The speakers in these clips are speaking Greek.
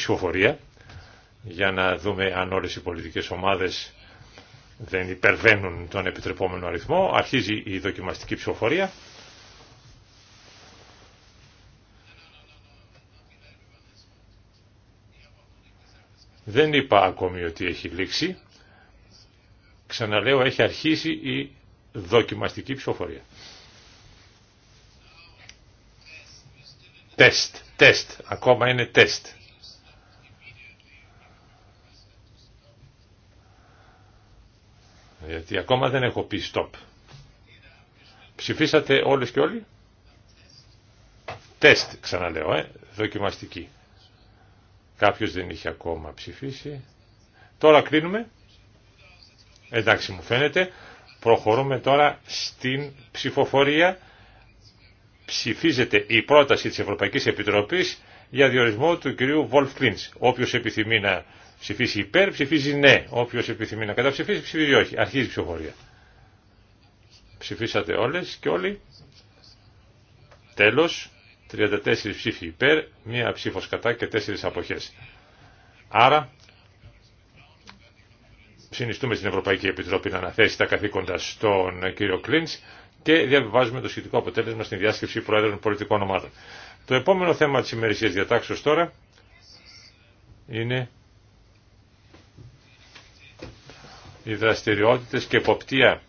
ψηφοφορία για να δούμε αν όλες οι πολιτικές ομάδες δεν υπερβαίνουν τον επιτρεπόμενο αριθμό. Αρχίζει η δοκιμαστική ψηφοφορία. Δεν είπα ακόμη ότι έχει λήξει. Ξαναλέω, έχει αρχίσει η δοκιμαστική ψηφοφορία. Τεστ, τεστ, ακόμα είναι τεστ. Γιατί ακόμα δεν έχω πει stop. Ψηφίσατε όλες και όλοι. Τεστ ξαναλέω, ε, δοκιμαστική. Κάποιος δεν είχε ακόμα ψηφίσει. Τώρα κλείνουμε. Εντάξει μου φαίνεται. Προχωρούμε τώρα στην ψηφοφορία. Ψηφίζεται η πρόταση της Ευρωπαϊκής Επιτροπής για διορισμό του κυρίου Βολφ Κλίντς. Όποιος επιθυμεί να Ψηφίσει υπέρ, ψηφίζει ναι. Όποιος επιθυμεί να καταψηφίσει, ψηφίζει όχι. Αρχίζει η ψηφοφορία. Ψηφίσατε όλες και όλοι. Τέλος, 34 ψήφοι υπέρ, μία ψήφος κατά και 4 αποχές. Άρα, συνιστούμε στην Ευρωπαϊκή Επιτροπή να αναθέσει τα καθήκοντα στον κύριο Κλίντς και διαβιβάζουμε το σχετικό αποτέλεσμα στην διάσκεψη Προέδρων Πολιτικών Ομάδων. Το επόμενο θέμα της ημερησίας διατάξεως τώρα είναι οι δραστηριότητες και εποπτεία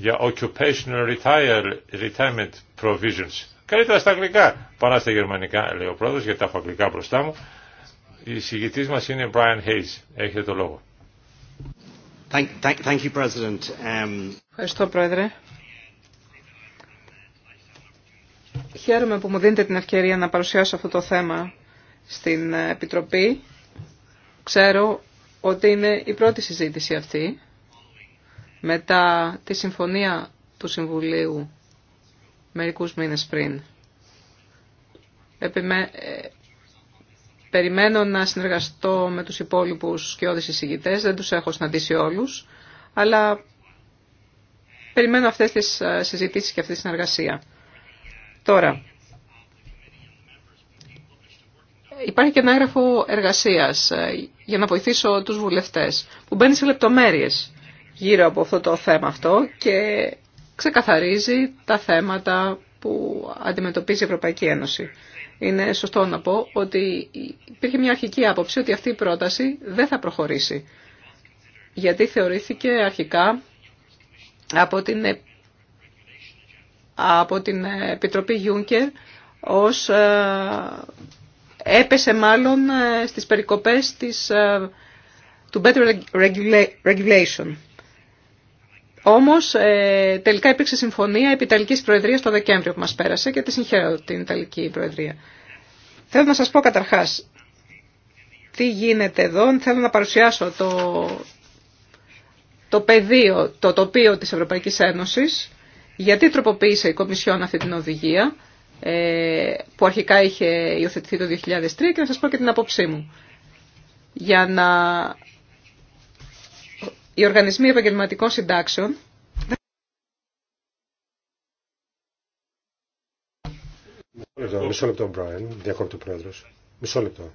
για occupational retirement provisions. Καλύτερα στα αγγλικά παρά στα γερμανικά, λέει ο πρόεδρος, γιατί τα έχω αγγλικά μπροστά μου. Η συγητής μας είναι Brian Hayes. Έχετε το λόγο. Um, Ευχαριστώ, Πρόεδρε. Χαίρομαι που μου δίνετε την ευκαιρία να παρουσιάσω αυτό το θέμα στην Επιτροπή. Ξέρω ότι είναι η πρώτη συζήτηση αυτή μετά τη συμφωνία του Συμβουλίου μερικούς μήνες πριν. Επιμέ... Ε, περιμένω να συνεργαστώ με τους υπόλοιπους σκιώδεις εισηγητές, δεν τους έχω συναντήσει όλους, αλλά περιμένω αυτές τις ε, συζητήσεις και αυτή τη συνεργασία. Τώρα, Υπάρχει και ένα έγγραφο εργασίας ε, για να βοηθήσω τους βουλευτές που μπαίνει σε λεπτομέρειες γύρω από αυτό το θέμα αυτό και ξεκαθαρίζει τα θέματα που αντιμετωπίζει η Ευρωπαϊκή Ένωση. Είναι σωστό να πω ότι υπήρχε μια αρχική άποψη ότι αυτή η πρόταση δεν θα προχωρήσει γιατί θεωρήθηκε αρχικά από την, ε, από την ε, Επιτροπή Γιούνκερ ως έπεσε μάλλον ε, στις περικοπές της, ε, του Better Regulation. Όμως ε, τελικά υπήρξε συμφωνία επί Ιταλικής Προεδρίας το Δεκέμβριο που μας πέρασε και τη συγχαίρω την Ιταλική Προεδρία. Θέλω να σας πω καταρχάς τι γίνεται εδώ. Θέλω να παρουσιάσω το, το πεδίο, το τοπίο της Ευρωπαϊκής Ένωσης, γιατί τροποποίησε η Κομισιόν αυτή την οδηγία ε, που αρχικά είχε υιοθετηθεί το 2003 και να σας πω και την απόψή μου. Για να... Οι οργανισμοί επαγγελματικών συντάξεων Μισό, λεπτό, Μπράιν, διακόπτω πρόεδρο. Μισό λεπτό.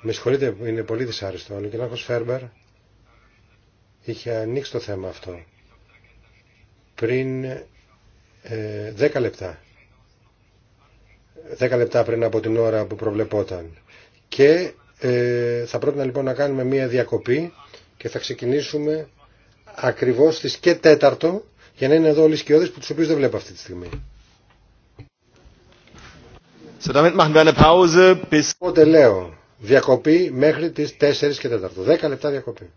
Με συγχωρείτε είναι πολύ δυσάρεστο, ο Φέρμπερ είχε ανοίξει το θέμα αυτό πριν ε, 10 λεπτά. 10 λεπτά πριν από την ώρα που προβλεπόταν. Και ε, θα πρότεινα λοιπόν να κάνουμε μία διακοπή και θα ξεκινήσουμε ακριβώς στις και τέταρτο για να είναι εδώ όλοι οι σκιώδες που τους οποίους δεν βλέπω αυτή τη στιγμή. So, damit machen wir eine Pause bis... Οπότε λέω διακοπή μέχρι τις 4 και τέταρτο. 10 λεπτά διακοπή.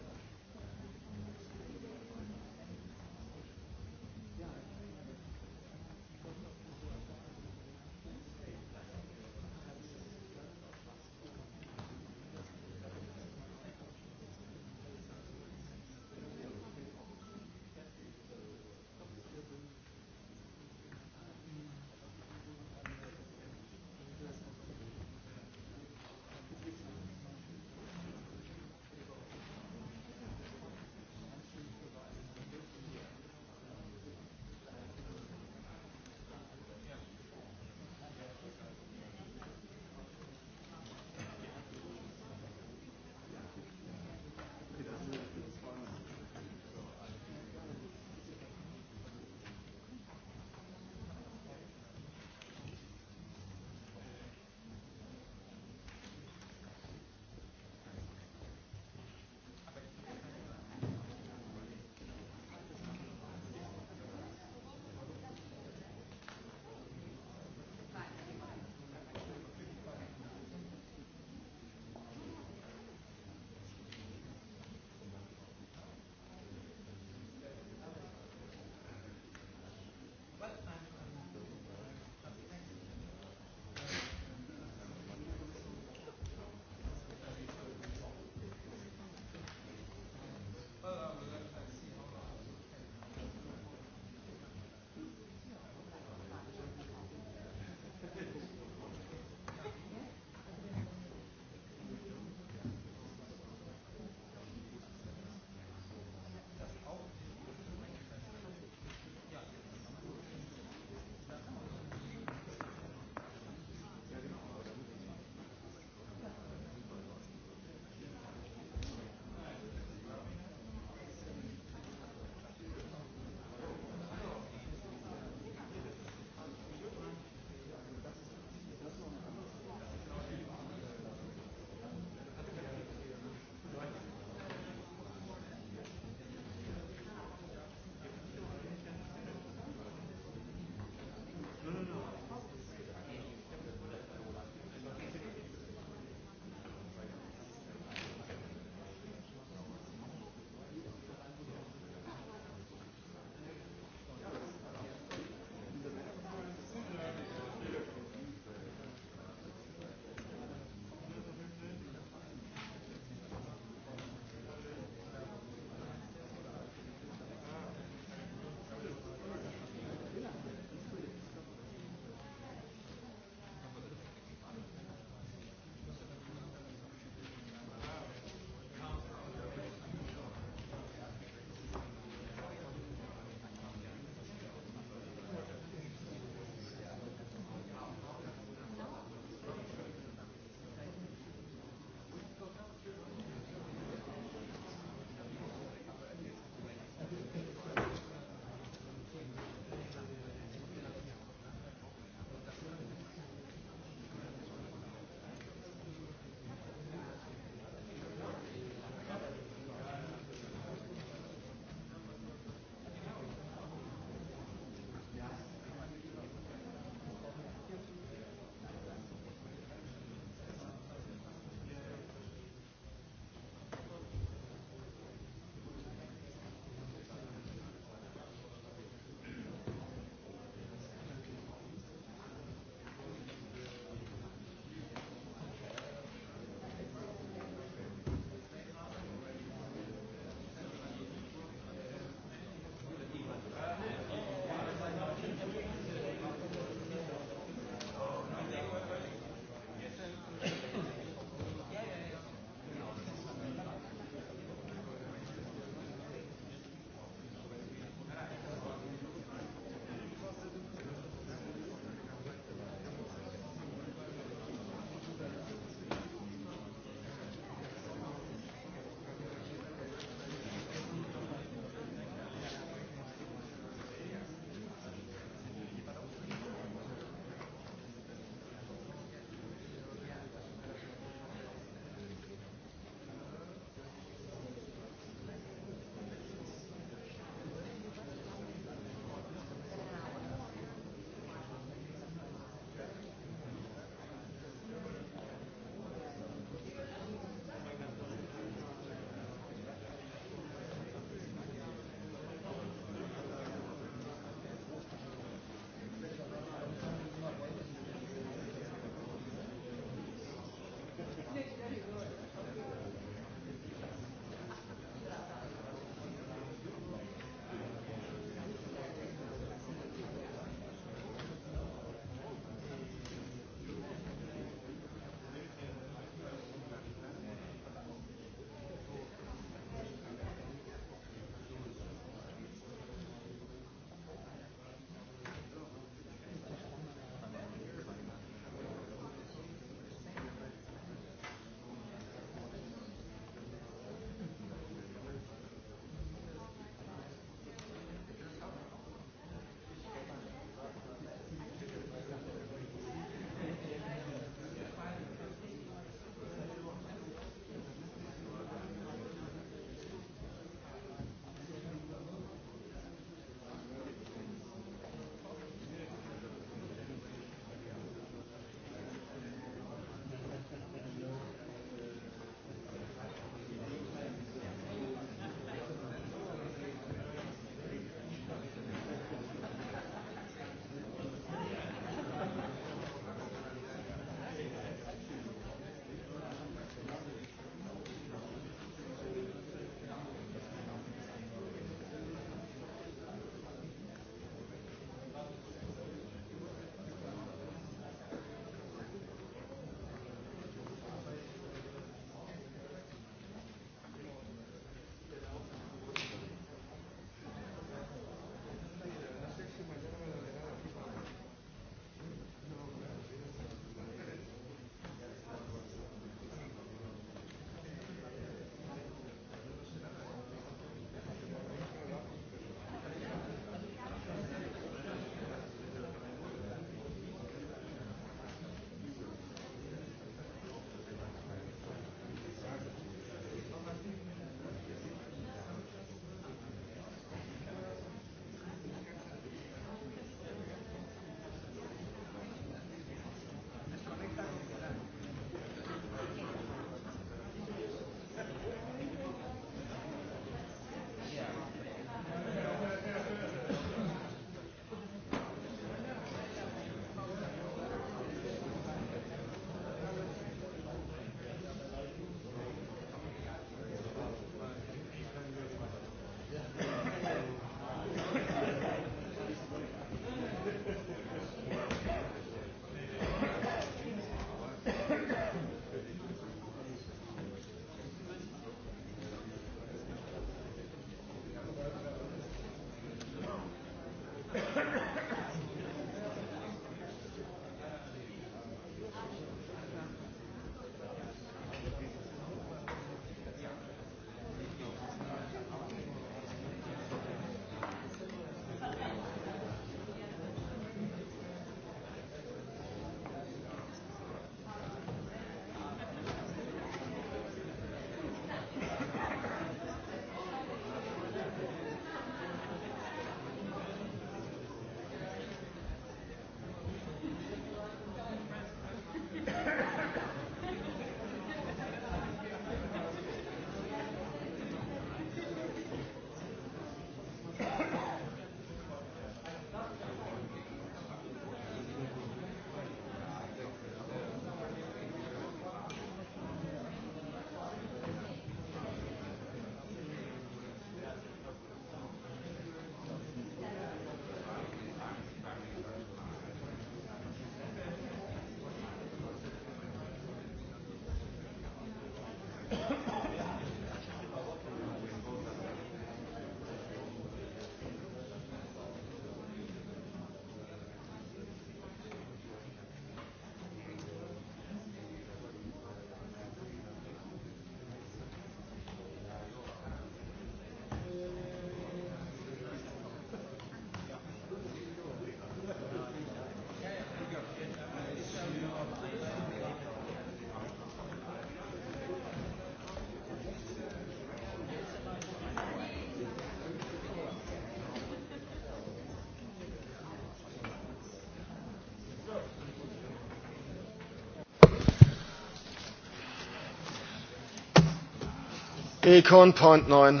Econ Point 9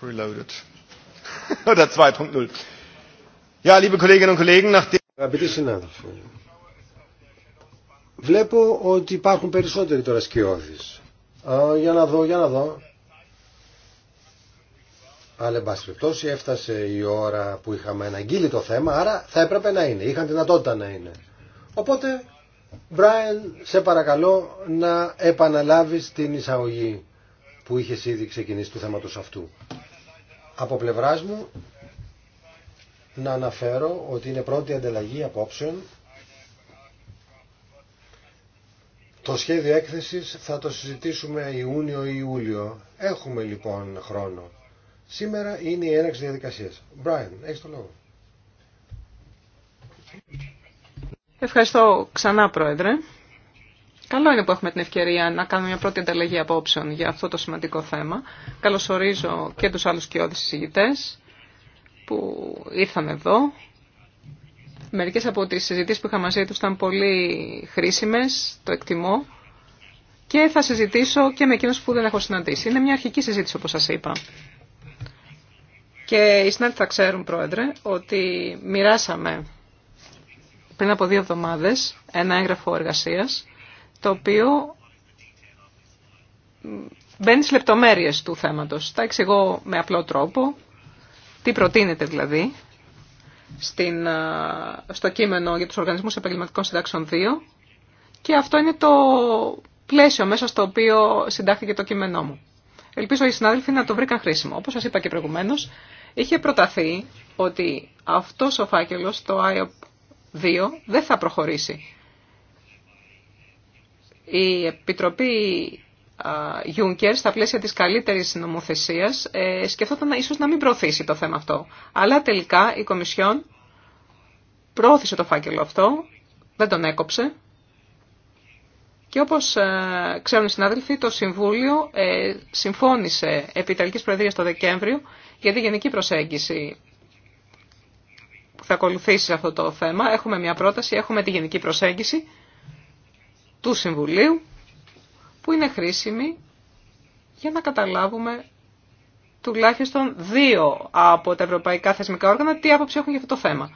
Reloaded. Oder 2.0. Ja, liebe Kolleginnen und Kollegen, nachdem... Αγαπητοί συνάδελφοι, βλέπω ότι υπάρχουν περισσότεροι τώρα σκιώδεις. Α, για να δω, για να δω. Αλλά εν πάση περιπτώσει έφτασε η ώρα που είχαμε αναγγείλει το θέμα, άρα θα έπρεπε να είναι, είχαν δυνατότητα να είναι. Οπότε, Brian, σε παρακαλώ να επαναλάβεις την εισαγωγή που είχε ήδη ξεκινήσει του θέματο αυτού. Από πλευρά μου να αναφέρω ότι είναι πρώτη ανταλλαγή απόψεων. Το σχέδιο έκθεσης θα το συζητήσουμε Ιούνιο ή Ιούλιο. Έχουμε λοιπόν χρόνο. Σήμερα είναι η έναξη διαδικασίας. Brian, έχεις το λόγο. Ευχαριστώ ξανά, Πρόεδρε. Καλό είναι που έχουμε την ευκαιρία να κάνουμε μια πρώτη ανταλλαγή απόψεων για αυτό το σημαντικό θέμα. Καλωσορίζω και τους άλλους κοιόδης συζητητές που ήρθαν εδώ. Μερικές από τις συζητήσεις που είχα μαζί τους ήταν πολύ χρήσιμες, το εκτιμώ. Και θα συζητήσω και με εκείνους που δεν έχω συναντήσει. Είναι μια αρχική συζήτηση όπως σας είπα. Και οι συνάδελφοι θα ξέρουν, Πρόεδρε, ότι μοιράσαμε πριν από δύο εβδομάδες ένα έγγραφο εργασίας το οποίο μπαίνει στις λεπτομέρειες του θέματος. Τα εξηγώ με απλό τρόπο, τι προτείνεται δηλαδή στην, στο κείμενο για τους οργανισμούς επαγγελματικών συντάξεων 2 και αυτό είναι το πλαίσιο μέσα στο οποίο συντάχθηκε το κείμενό μου. Ελπίζω οι συνάδελφοι να το βρήκαν χρήσιμο. Όπως σας είπα και προηγουμένως, είχε προταθεί ότι αυτός ο φάκελος, το IOP 2, δεν θα προχωρήσει η Επιτροπή Juncker στα πλαίσια της καλύτερης νομοθεσίας ε, σκεφτόταν ίσως να μην προωθήσει το θέμα αυτό. Αλλά τελικά η Κομισιόν προώθησε το φάκελο αυτό, δεν τον έκοψε. Και όπως ε, ξέρουν οι συνάδελφοι, το Συμβούλιο ε, συμφώνησε επί Ιταλικής Προεδρίας το Δεκέμβριο για τη γενική προσέγγιση που θα ακολουθήσει αυτό το θέμα. Έχουμε μια πρόταση, έχουμε τη γενική προσέγγιση του Συμβουλίου που είναι χρήσιμη για να καταλάβουμε τουλάχιστον δύο από τα ευρωπαϊκά θεσμικά όργανα τι άποψη έχουν για αυτό το θέμα.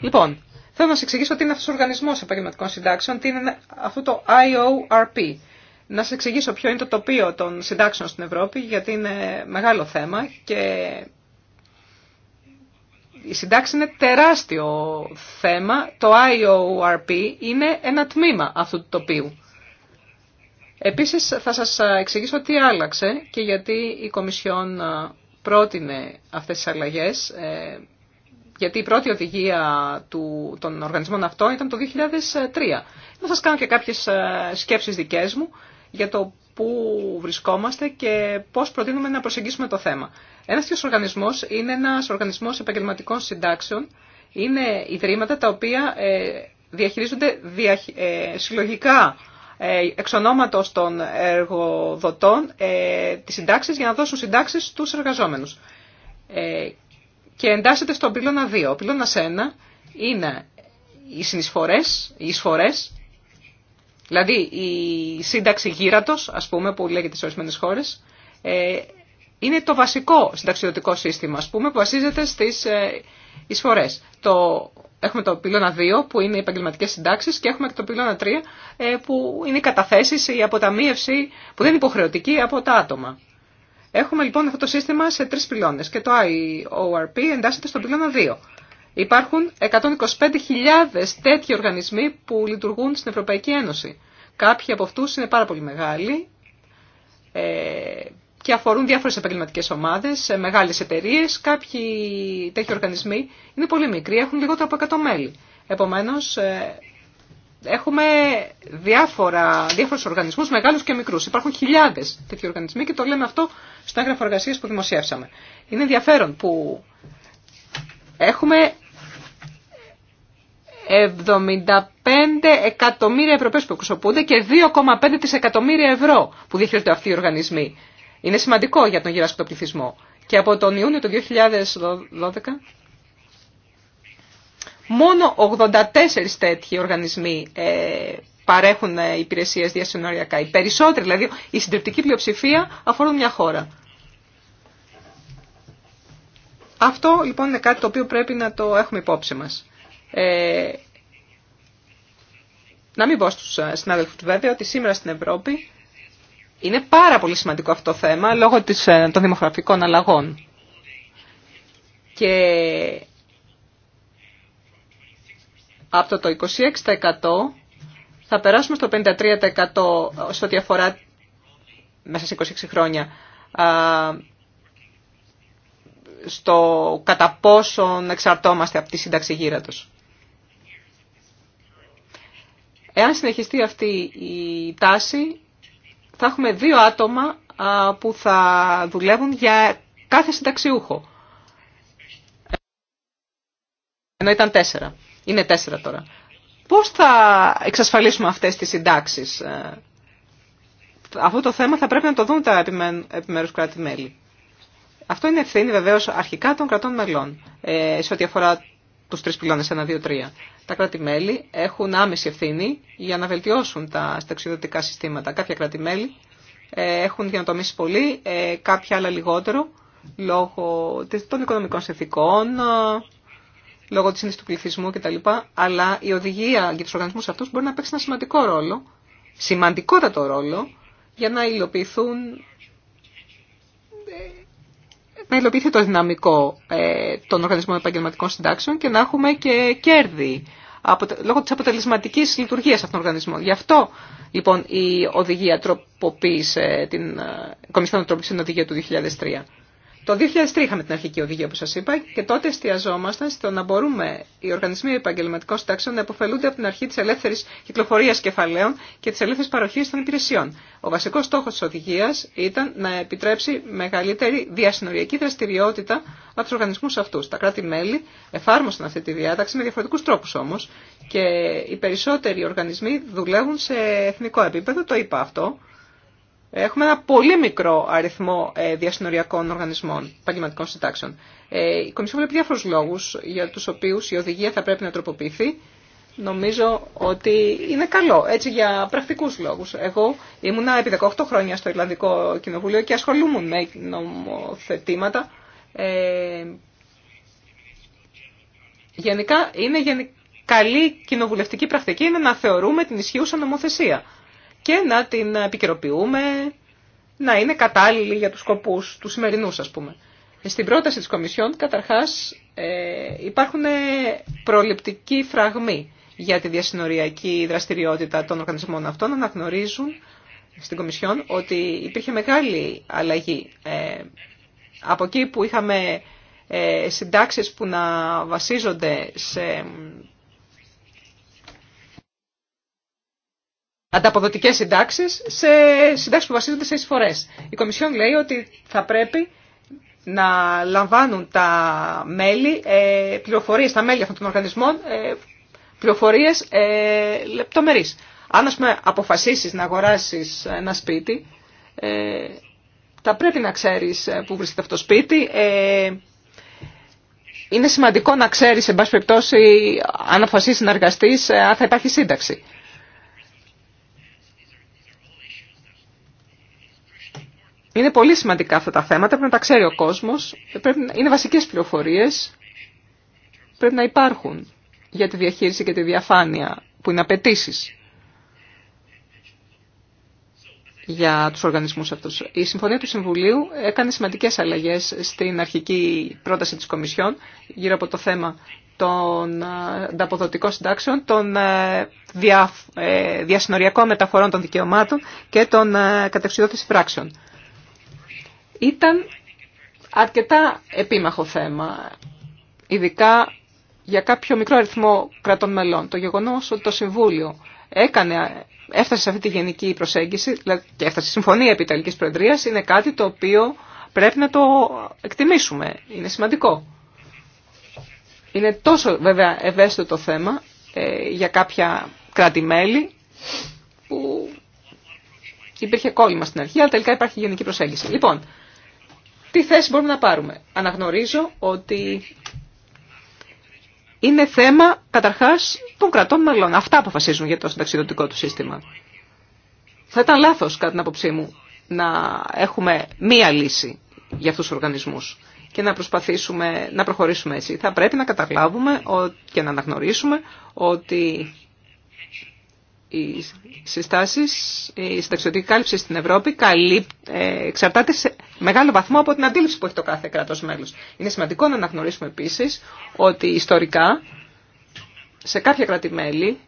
Λοιπόν, θέλω να σα εξηγήσω τι είναι αυτό ο οργανισμό επαγγελματικών συντάξεων, τι είναι αυτό το IORP. Να σα εξηγήσω ποιο είναι το τοπίο των συντάξεων στην Ευρώπη, γιατί είναι μεγάλο θέμα και η συντάξη είναι τεράστιο θέμα. Το IORP είναι ένα τμήμα αυτού του τοπίου. Επίσης θα σας εξηγήσω τι άλλαξε και γιατί η Κομισιόν ε, πρότεινε αυτές τις αλλαγές. Ε, γιατί η πρώτη οδηγία του, των οργανισμών αυτών ήταν το 2003. Να σας κάνω και κάποιες ε, σκέψεις δικές μου για το πού βρισκόμαστε και πώς προτείνουμε να προσεγγίσουμε το θέμα. Ένας τέτοιο οργανισμό είναι ένας οργανισμός επαγγελματικών συντάξεων. Είναι ιδρύματα τα οποία ε, διαχειρίζονται ε, συλλογικά ε, εξ ονόματος των εργοδοτών ε, τις συντάξεις για να δώσουν συντάξεις τους εργαζόμενους. και εντάσσεται στον πυλώνα 2. Ο πυλώνας 1 είναι οι συνεισφορές, οι εισφορές Δηλαδή η σύνταξη γύρατος, ας πούμε, που λέγεται σε ορισμένες χώρες, ε, είναι το βασικό συνταξιδοτικό σύστημα, ας πούμε, που βασίζεται στις ε, εισφορές. Το, έχουμε το πυλώνα 2 που είναι οι επαγγελματικέ συντάξεις και έχουμε και το πυλώνα 3 ε, που είναι οι καταθέσεις, η αποταμίευση που δεν είναι υποχρεωτική από τα άτομα. Έχουμε λοιπόν αυτό το σύστημα σε τρεις πυλώνες και το IORP εντάσσεται στο πυλώνα 2. Υπάρχουν 125.000 τέτοιοι οργανισμοί που λειτουργούν στην Ευρωπαϊκή Ένωση. Κάποιοι από αυτούς είναι πάρα πολύ μεγάλοι ε, και αφορούν διάφορες επαγγελματικές ομάδες, ε, μεγάλες εταιρείες. Κάποιοι τέτοιοι οργανισμοί είναι πολύ μικροί, έχουν λιγότερο από 100 μέλη. Επομένως, ε, έχουμε διάφορα, διάφορους οργανισμούς, μεγάλους και μικρούς. Υπάρχουν χιλιάδες τέτοιοι οργανισμοί και το λέμε αυτό στα έγγραφο εργασία που δημοσιεύσαμε. Είναι ενδιαφέρον που Έχουμε 75 εκατομμύρια Ευρωπαίους που εκπροσωπούνται και 2,5 δισεκατομμύρια ευρώ που διαχειρίζονται αυτοί οι οργανισμοί. Είναι σημαντικό για τον γυράσκοντα πληθυσμό. Και από τον Ιούνιο του 2012 μόνο 84 τέτοιοι οργανισμοί ε, παρέχουν ε, υπηρεσίες διασυνοριακά. Οι περισσότεροι, δηλαδή η συντριπτική πλειοψηφία αφορούν μια χώρα. Αυτό λοιπόν είναι κάτι το οποίο πρέπει να το έχουμε υπόψη μας. Ε, να μην πω στους ε, συνάδελφους βέβαια ότι σήμερα στην Ευρώπη είναι πάρα πολύ σημαντικό αυτό το θέμα λόγω της, ε, των δημογραφικών αλλαγών. Και από το 26% θα περάσουμε στο 53% σε ό,τι αφορά μέσα σε 26 χρόνια στο κατά πόσον εξαρτώμαστε από τη σύνταξη γύρατος. Εάν συνεχιστεί αυτή η τάση, θα έχουμε δύο άτομα που θα δουλεύουν για κάθε συνταξιούχο. Ενώ ήταν τέσσερα. Είναι τέσσερα τώρα. Πώς θα εξασφαλίσουμε αυτές τις συντάξεις. Ε? Αυτό το θέμα θα πρέπει να το δουν τα επιμέρους κράτη-μέλη. Αυτό είναι ευθύνη βεβαίω αρχικά των κρατών μελών ε, σε ό,τι αφορά του τρει πυλώνε 1, 2, 3. Τα κράτη-μέλη έχουν άμεση ευθύνη για να βελτιώσουν τα ταξιδιωτικά συστηματα συστήματα. Κάποια κράτη-μέλη ε, έχουν γενοτομήσει πολύ, ε, κάποια άλλα λιγότερο λόγω των οικονομικών συνθηκών, ε, λόγω τη σύνδεση του πληθυσμού κτλ. Αλλά η οδηγία για του οργανισμού αυτού μπορεί να παίξει ένα σημαντικό ρόλο, σημαντικότατο ρόλο, για να υλοποιηθούν να υλοποιηθεί το δυναμικό ε, των οργανισμών επαγγελματικών συντάξεων και να έχουμε και κέρδη λόγω της αποτελεσματικής λειτουργίας αυτών των οργανισμών. Γι' αυτό λοιπόν η οδηγία τροποποίησε την ε, στην οδηγία του 2003. Το 2003 είχαμε την αρχική οδηγία που σας είπα και τότε εστιαζόμασταν στο να μπορούμε οι οργανισμοί επαγγελματικών συντάξεων να υποφελούνται από την αρχή της ελεύθερης κυκλοφορίας κεφαλαίων και της ελεύθερης παροχής των υπηρεσιών. Ο βασικός στόχος της οδηγίας ήταν να επιτρέψει μεγαλύτερη διασυνοριακή δραστηριότητα από τους οργανισμούς αυτούς. Τα κράτη-μέλη εφάρμοσαν αυτή τη διάταξη με διαφορετικούς τρόπους όμως και οι περισσότεροι οργανισμοί δουλεύουν σε εθνικό επίπεδο, το είπα αυτό Έχουμε ένα πολύ μικρό αριθμό ε, διασυνοριακών οργανισμών επαγγελματικών συντάξεων. Ε, η Κομισιόν βλέπει διάφορου λόγου για του οποίου η οδηγία θα πρέπει να τροποποιηθεί. Νομίζω ότι είναι καλό, έτσι για πρακτικού λόγου. Εγώ ήμουνα επί 18 χρόνια στο Ιρλανδικό Κοινοβούλιο και ασχολούμουν με νομοθετήματα. Ε, γενικά, είναι καλή κοινοβουλευτική πρακτική είναι να θεωρούμε την ισχύουσα νομοθεσία και να την επικαιροποιούμε, να είναι κατάλληλη για τους σκοπούς του σημερινού, ας πούμε. Στην πρόταση της Κομισιόν καταρχάς ε, υπάρχουν προληπτικοί φραγμοί για τη διασυνοριακή δραστηριότητα των οργανισμών αυτών αναγνωρίζουν στην Κομισιόν ότι υπήρχε μεγάλη αλλαγή. Ε, από εκεί που είχαμε ε, συντάξεις που να βασίζονται σε ανταποδοτικές συντάξεις σε συντάξεις που βασίζονται σε εισφορές. Η Κομισιόν λέει ότι θα πρέπει να λαμβάνουν τα μέλη, ε, πληροφορίες, τα μέλη αυτών των οργανισμών, ε, πληροφορίες ε, λεπτομερείς. Αν ας πούμε, αποφασίσεις να αγοράσεις ένα σπίτι, ε, θα πρέπει να ξέρεις ε, που βρίσκεται αυτό το σπίτι. Ε, είναι σημαντικό να ξέρεις, εν πάση περιπτώσει, αν αποφασίσεις να εργαστείς, ε, αν θα υπάρχει σύνταξη. Είναι πολύ σημαντικά αυτά τα θέματα, πρέπει να τα ξέρει ο κόσμος, πρέπει, είναι βασικές πληροφορίες, πρέπει να υπάρχουν για τη διαχείριση και τη διαφάνεια που είναι απαιτήσει για τους οργανισμούς αυτούς. Η Συμφωνία του Συμβουλίου έκανε σημαντικές αλλαγές στην αρχική πρόταση της Κομισιόν γύρω από το θέμα των ε, ανταποδοτικών συντάξεων, των ε, ε, διασυνοριακών μεταφορών των δικαιωμάτων και των κατευθυνότητας πράξεων. Ήταν αρκετά επίμαχο θέμα, ειδικά για κάποιο μικρό αριθμό κρατών μελών. Το γεγονός ότι το Συμβούλιο έκανε, έφτασε σε αυτή τη γενική προσέγγιση και έφτασε στη Συμφωνία Επιταλικής Προεδρίας είναι κάτι το οποίο πρέπει να το εκτιμήσουμε. Είναι σημαντικό. Είναι τόσο βέβαια ευαίσθητο το θέμα ε, για κάποια κράτη-μέλη που υπήρχε κόλλημα στην αρχή, αλλά τελικά υπάρχει γενική προσέγγιση. Λοιπόν, τι θέση μπορούμε να πάρουμε. Αναγνωρίζω ότι είναι θέμα καταρχάς των κρατών μελών. Αυτά αποφασίζουν για το συνταξιδοτικό του σύστημα. Θα ήταν λάθος κατά την άποψή μου να έχουμε μία λύση για αυτούς τους οργανισμούς και να προσπαθήσουμε να προχωρήσουμε έτσι. Θα πρέπει να καταλάβουμε και να αναγνωρίσουμε ότι οι συστάσεις, η συνταξιδοτική κάλυψη στην Ευρώπη ε, εξαρτάται σε, μεγάλο βαθμό από την αντίληψη που έχει το κάθε κράτο μέλος. Είναι σημαντικό να αναγνωρίσουμε επίση ότι ιστορικά σε κάποια κράτη-μέλη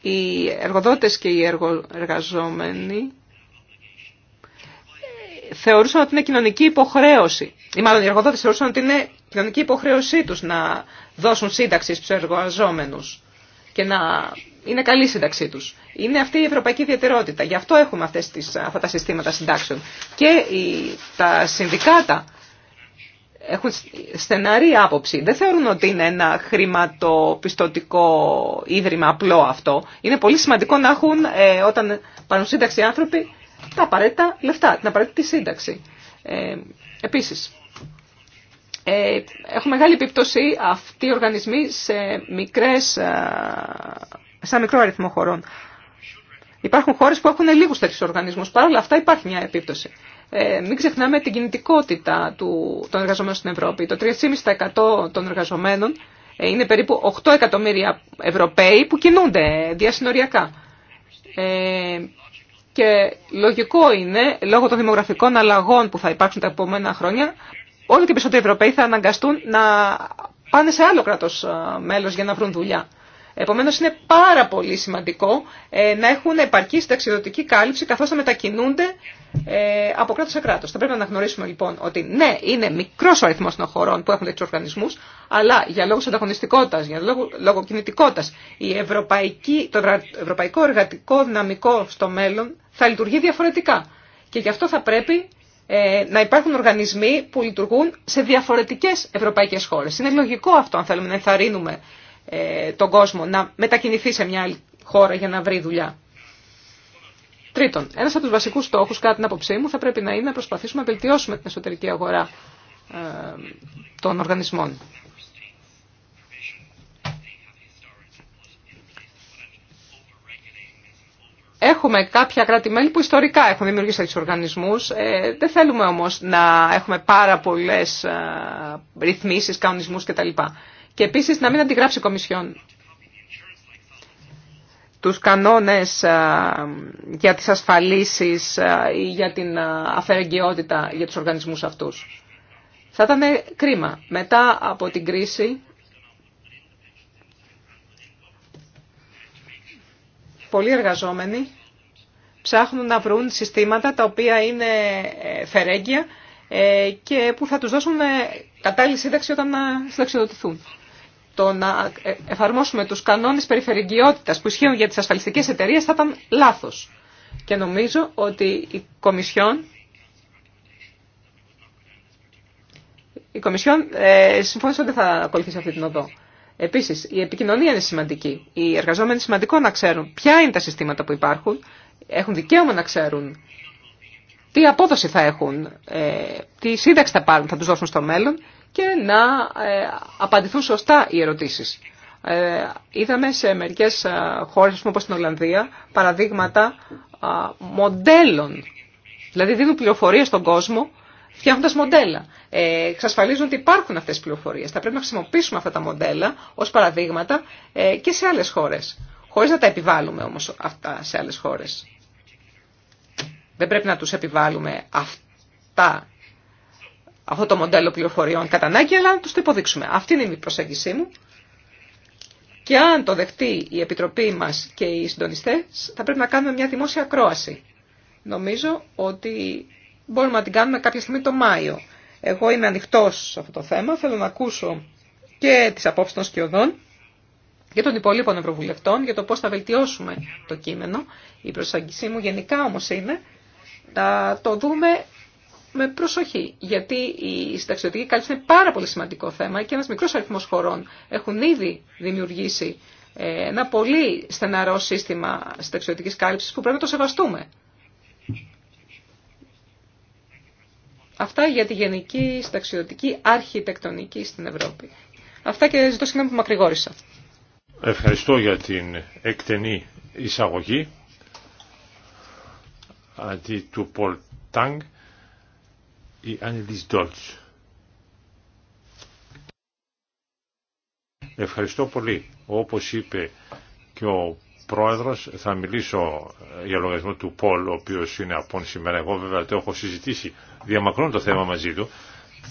οι εργοδότες και οι εργαζόμενοι θεωρούσαν ότι είναι κοινωνική υποχρέωση, ή μάλλον οι εργοδότες θεωρούσαν ότι είναι κοινωνική υποχρέωσή τους να δώσουν σύνταξη στους εργαζόμενου και να είναι καλή η σύνταξή του. Είναι αυτή η ευρωπαϊκή ιδιαιτερότητα. Γι' αυτό έχουμε αυτές τις, αυτά τα συστήματα συντάξεων. Και οι, τα συνδικάτα έχουν στεναρή άποψη. Δεν θεωρούν ότι είναι ένα χρηματοπιστωτικό ίδρυμα απλό αυτό. Είναι πολύ σημαντικό να έχουν ε, όταν πάνω σύνταξη άνθρωποι τα απαραίτητα λεφτά, την απαραίτητη σύνταξη. Ε, επίσης, ε, έχουν μεγάλη επίπτωση αυτοί οι οργανισμοί σε μικρές ε, σε μικρό αριθμό χωρών. Υπάρχουν χώρε που έχουν λίγου τέτοιου οργανισμού. Παρ' όλα αυτά υπάρχει μια επίπτωση. Ε, μην ξεχνάμε την κινητικότητα του, των εργαζομένων στην Ευρώπη. Το 3,5% των εργαζομένων ε, είναι περίπου 8 εκατομμύρια Ευρωπαίοι που κινούνται διασυνοριακά. Ε, και λογικό είναι, λόγω των δημογραφικών αλλαγών που θα υπάρξουν τα επόμενα χρόνια, όλο και περισσότεροι Ευρωπαίοι θα αναγκαστούν να πάνε σε άλλο κρατό ε, μέλο για να βρουν δουλειά. Επομένως είναι πάρα πολύ σημαντικό ε, να έχουν επαρκή συνταξιδοτική κάλυψη καθώς θα μετακινούνται ε, από κράτος σε κράτος. Θα πρέπει να αναγνωρίσουμε λοιπόν ότι ναι, είναι μικρός ο αριθμός των χωρών που έχουν τέτοιους οργανισμούς, αλλά για λόγους ανταγωνιστικότητας, για λόγω, κινητικότητας, η ευρωπαϊκή, το ευρωπαϊκό εργατικό δυναμικό στο μέλλον θα λειτουργεί διαφορετικά. Και γι' αυτό θα πρέπει ε, να υπάρχουν οργανισμοί που λειτουργούν σε διαφορετικές ευρωπαϊκές χώρες. Είναι λογικό αυτό αν θέλουμε να ενθαρρύνουμε ε, τον κόσμο να μετακινηθεί σε μια άλλη χώρα για να βρει δουλειά. Τρίτον, ένας από τους βασικούς στόχου κατά την άποψή μου, θα πρέπει να είναι να προσπαθήσουμε να βελτιώσουμε την εσωτερική αγορά ε, των οργανισμών. Έχουμε κάποια κράτη-μέλη που ιστορικά έχουν δημιουργήσει τέτοιου οργανισμού. Ε, δεν θέλουμε όμω να έχουμε πάρα πολλέ ρυθμίσει, κανονισμού κτλ και επίσης να μην αντιγράψει η Κομισιόν τους κανόνες για τις ασφαλίσεις ή για την αφαιρεγγιότητα για τους οργανισμούς αυτούς. Θα ήταν κρίμα. Μετά από την κρίση, πολλοί εργαζόμενοι ψάχνουν να βρουν συστήματα τα οποία είναι ε, φερέγγια ε, και που θα τους δώσουν ε, κατάλληλη σύνταξη όταν συνταξιδοτηθούν το να εφαρμόσουμε τους κανόνες περιφερειακότητας που ισχύουν για τις ασφαλιστικές εταιρείες θα ήταν λάθος. Και νομίζω ότι η Κομισιόν, η Κομισιόν ε, συμφώνησε ότι θα ακολουθήσει αυτή την οδό. Επίσης, η επικοινωνία είναι σημαντική. Οι εργαζόμενοι είναι σημαντικό να ξέρουν ποια είναι τα συστήματα που υπάρχουν, έχουν δικαίωμα να ξέρουν τι απόδοση θα έχουν, ε, τι σύνταξη θα πάρουν, θα τους δώσουν στο μέλλον και να ε, απαντηθούν σωστά οι ερωτήσεις. Ε, είδαμε σε μερικές ε, χώρες όπως στην Ολλανδία παραδείγματα μοντέλων. Δηλαδή δίνουν πληροφορίες στον κόσμο φτιάχνοντα μοντέλα. Ε, εξασφαλίζουν ότι υπάρχουν αυτές τι πληροφορίες. Θα πρέπει να χρησιμοποιήσουμε αυτά τα μοντέλα ως παραδείγματα ε, και σε άλλες χώρες. Χωρί να τα επιβάλλουμε όμως αυτά σε άλλες χώρες. Δεν πρέπει να τους επιβάλλουμε αυτά αυτό το μοντέλο πληροφοριών κατά ανάγκη, αλλά να του το υποδείξουμε. Αυτή είναι η προσέγγισή μου. Και αν το δεχτεί η Επιτροπή μα και οι συντονιστέ, θα πρέπει να κάνουμε μια δημόσια ακρόαση. Νομίζω ότι μπορούμε να την κάνουμε κάποια στιγμή το Μάιο. Εγώ είμαι ανοιχτό σε αυτό το θέμα. Θέλω να ακούσω και τι απόψει των σκιωδών και των υπολείπων ευρωβουλευτών για το πώς θα βελτιώσουμε το κείμενο. Η προσέγγιση μου γενικά όμως είναι να το δούμε με προσοχή, γιατί η συνταξιωτική κάλυψη είναι πάρα πολύ σημαντικό θέμα και ένας μικρός αριθμός χωρών έχουν ήδη δημιουργήσει ε, ένα πολύ στεναρό σύστημα συνταξιωτικής κάλυψης που πρέπει να το σεβαστούμε. Αυτά για τη γενική συνταξιωτική αρχιτεκτονική στην Ευρώπη. Αυτά και ζητώ συγγνώμη που μακρηγόρησα. Ευχαριστώ για την εκτενή εισαγωγή αντί του Πολ Τάγκ η Ευχαριστώ πολύ. Όπως είπε και ο πρόεδρος, θα μιλήσω ε, για λογαριασμό του Πολ, ο οποίος είναι από σήμερα. Εγώ βέβαια το έχω συζητήσει διαμακρών το θέμα μαζί του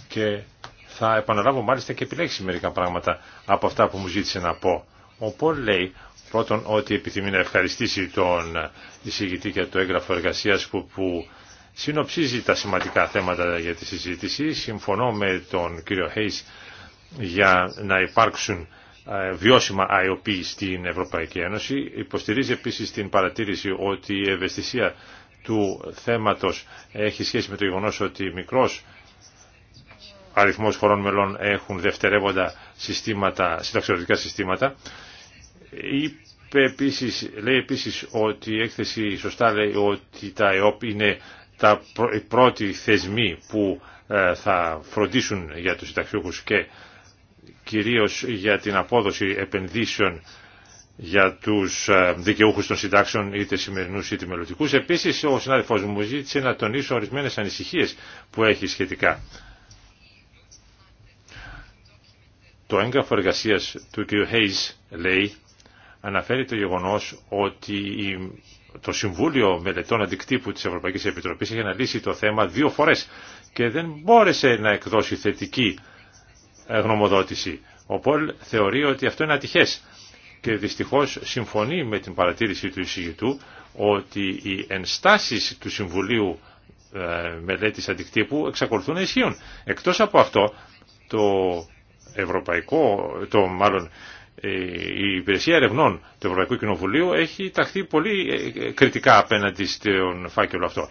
και θα επαναλάβω μάλιστα και επιλέξει μερικά πράγματα από αυτά που μου ζήτησε να πω. Ο Πολ λέει πρώτον ότι επιθυμεί να ευχαριστήσει τον εισηγητή για το έγγραφο εργασίας που, που συνοψίζει τα σημαντικά θέματα για τη συζήτηση. Συμφωνώ με τον κύριο Χέις για να υπάρξουν ε, βιώσιμα IOP στην Ευρωπαϊκή Ένωση. Υποστηρίζει επίσης την παρατήρηση ότι η ευαισθησία του θέματος έχει σχέση με το γεγονός ότι μικρός αριθμός χωρών μελών έχουν δευτερεύοντα συστήματα, συνταξιωτικά συστήματα. επίσης, λέει επίσης ότι η έκθεση σωστά λέει ότι τα ΕΟΠ είναι τα πρώτοι θεσμοί που ε, θα φροντίσουν για τους συνταξιούχους και κυρίως για την απόδοση επενδύσεων για τους ε, δικαιούχους των συντάξεων είτε σημερινούς είτε μελλοντικούς. Επίσης ο συνάδελφός μου ζήτησε να τονίσω ορισμένες ανησυχίες που έχει σχετικά. Το έγγραφο εργασίας του κ. Hayes λέει αναφέρει το γεγονός ότι το Συμβούλιο Μελετών Αντικτύπου της Ευρωπαϊκής Επιτροπής να αναλύσει το θέμα δύο φορές και δεν μπόρεσε να εκδώσει θετική ε, γνωμοδότηση. Ο Πολ θεωρεί ότι αυτό είναι ατυχές και δυστυχώς συμφωνεί με την παρατήρηση του εισηγητού ότι οι ενστάσεις του Συμβουλίου ε, Μελέτης Αντικτύπου εξακολουθούν να ισχύουν. Εκτός από αυτό, το ευρωπαϊκό, το μάλλον ε, η υπηρεσία ερευνών του Ευρωπαϊκού Κοινοβουλίου έχει ταχθεί πολύ ε, κριτικά απέναντι στον φάκελο αυτό.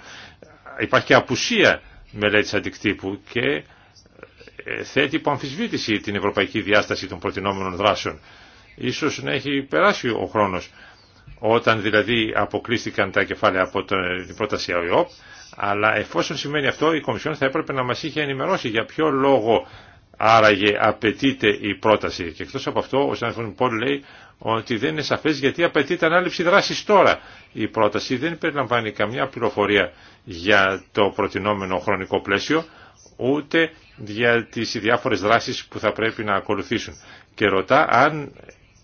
Υπάρχει και απουσία μελέτης αντικτύπου και ε, θέτει υπό αμφισβήτηση την ευρωπαϊκή διάσταση των προτινόμενων δράσεων. Ίσως να έχει περάσει ο χρόνος όταν δηλαδή αποκλείστηκαν τα κεφάλαια από την πρόταση ΑΟΙΟΠ, αλλά εφόσον σημαίνει αυτό η Κομισιόν θα έπρεπε να μας είχε ενημερώσει για ποιο λόγο Άραγε απαιτείται η πρόταση. Και εκτός από αυτό ο Σάνφον Πολ λέει ότι δεν είναι σαφές γιατί απαιτείται ανάληψη δράσης τώρα. Η πρόταση δεν περιλαμβάνει καμιά πληροφορία για το προτινόμενο χρονικό πλαίσιο ούτε για τις διάφορες δράσεις που θα πρέπει να ακολουθήσουν. Και ρωτά αν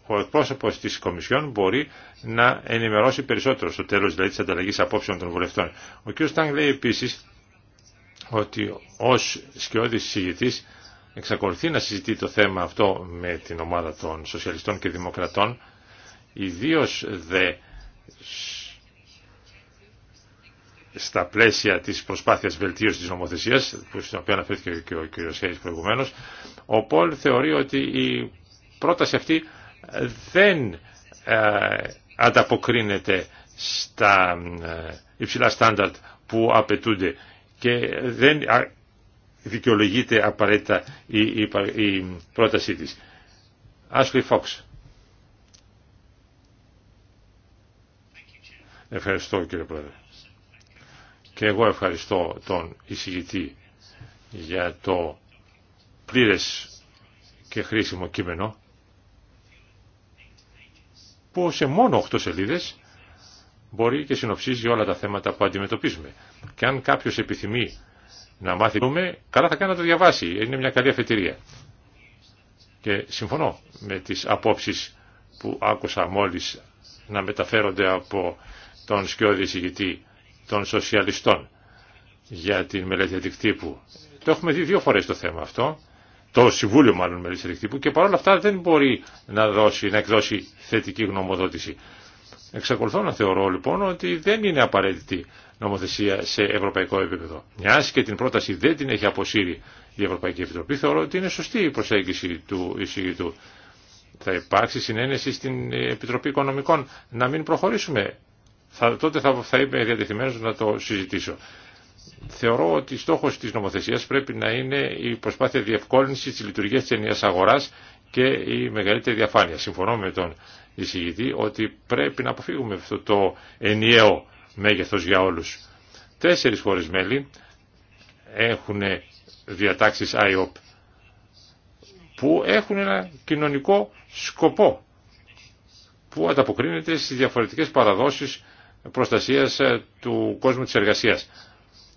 ο εκπρόσωπο τη Κομισιόν μπορεί να ενημερώσει περισσότερο στο τέλο δηλαδή τη ανταλλαγή απόψεων των βουλευτών. Ο κ. Στάνγκ λέει επίση ότι ω σκιώδη συζητητή εξακολουθεί να συζητεί το θέμα αυτό με την ομάδα των Σοσιαλιστών και Δημοκρατών, ιδίως δε στα πλαίσια της προσπάθειας βελτίωσης της νομοθεσίας, που στην οποία αναφέρθηκε και ο κ. Χέρης προηγουμένως, ο Πολ θεωρεί ότι η πρόταση αυτή δεν ε, ανταποκρίνεται στα ε, υψηλά στάνταρτ που απαιτούνται και δεν δικαιολογείται απαραίτητα η, η, πρότασή της. Ashley Φοξ. Ευχαριστώ κύριε Πρόεδρε. Και εγώ ευχαριστώ τον εισηγητή για το πλήρες και χρήσιμο κείμενο που σε μόνο 8 σελίδες μπορεί και συνοψίζει όλα τα θέματα που αντιμετωπίζουμε. Και αν κάποιος επιθυμεί να μάθει καλά θα κάνει να το διαβάσει. Είναι μια καλή αφετηρία. Και συμφωνώ με τις απόψεις που άκουσα μόλις να μεταφέρονται από τον σκιώδη εισηγητή των σοσιαλιστών για την μελέτη αντικτύπου. Το έχουμε δει δύο φορές το θέμα αυτό, το Συμβούλιο μάλλον μελέτη αντικτύπου και παρόλα αυτά δεν μπορεί να, δώσει, να εκδώσει θετική γνωμοδότηση. Εξακολουθώ να θεωρώ λοιπόν ότι δεν είναι απαραίτητη νομοθεσία σε ευρωπαϊκό επίπεδο. Μια και την πρόταση δεν την έχει αποσύρει η Ευρωπαϊκή Επιτροπή, θεωρώ ότι είναι σωστή η προσέγγιση του εισηγητού. Θα υπάρξει συνένεση στην Επιτροπή Οικονομικών να μην προχωρήσουμε. Θα, τότε θα, θα είμαι διατεθειμένο να το συζητήσω. Θεωρώ ότι στόχο τη νομοθεσία πρέπει να είναι η προσπάθεια διευκόλυνση τη λειτουργία τη ενιαία αγορά και η μεγαλύτερη διαφάνεια. Συμφωνώ με τον ότι πρέπει να αποφύγουμε αυτό το ενιαίο μέγεθος για όλους. Τέσσερις χώρες μέλη έχουν διατάξεις IOP που έχουν ένα κοινωνικό σκοπό που ανταποκρίνεται στις διαφορετικές παραδόσεις προστασίας ε, του κόσμου της εργασίας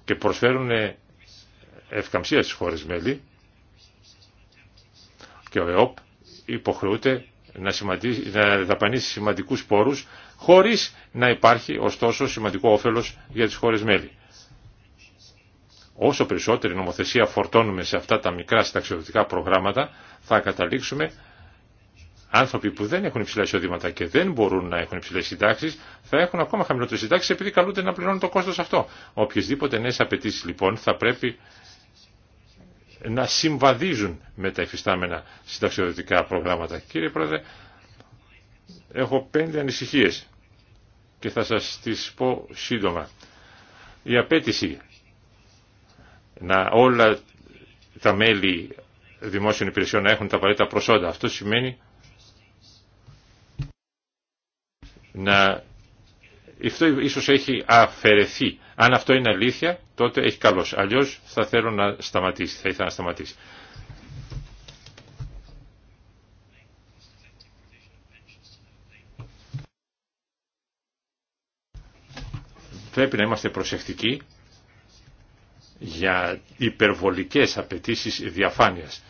και προσφέρουν ε, ευκαμψία στις χώρες μέλη και ο ΕΟΠ e υποχρεούται να, να δαπανίσει σημαντικούς πόρους χωρίς να υπάρχει ωστόσο σημαντικό όφελος για τις χώρες μέλη. Όσο περισσότερη νομοθεσία φορτώνουμε σε αυτά τα μικρά συνταξιοδοτικά προγράμματα θα καταλήξουμε άνθρωποι που δεν έχουν υψηλά εισοδήματα και δεν μπορούν να έχουν υψηλέ συντάξει, θα έχουν ακόμα χαμηλότερε συντάξει επειδή καλούνται να πληρώνουν το κόστο αυτό. Οποιεδήποτε νέε απαιτήσει λοιπόν θα πρέπει να συμβαδίζουν με τα υφιστάμενα συνταξιοδοτικά προγράμματα. Κύριε Πρόεδρε, έχω πέντε ανησυχίες και θα σας τις πω σύντομα. Η απέτηση να όλα τα μέλη δημόσιων υπηρεσιών να έχουν τα απαραίτητα προσόντα. Αυτό σημαίνει να... Αυτό ίσως έχει αφαιρεθεί. Αν αυτό είναι αλήθεια, τότε έχει καλώς. Αλλιώς θα θέλω να σταματήσει, θα ήθελα να σταματήσει. Πρέπει να είμαστε προσεκτικοί για υπερβολικές απαιτήσει διαφάνειας,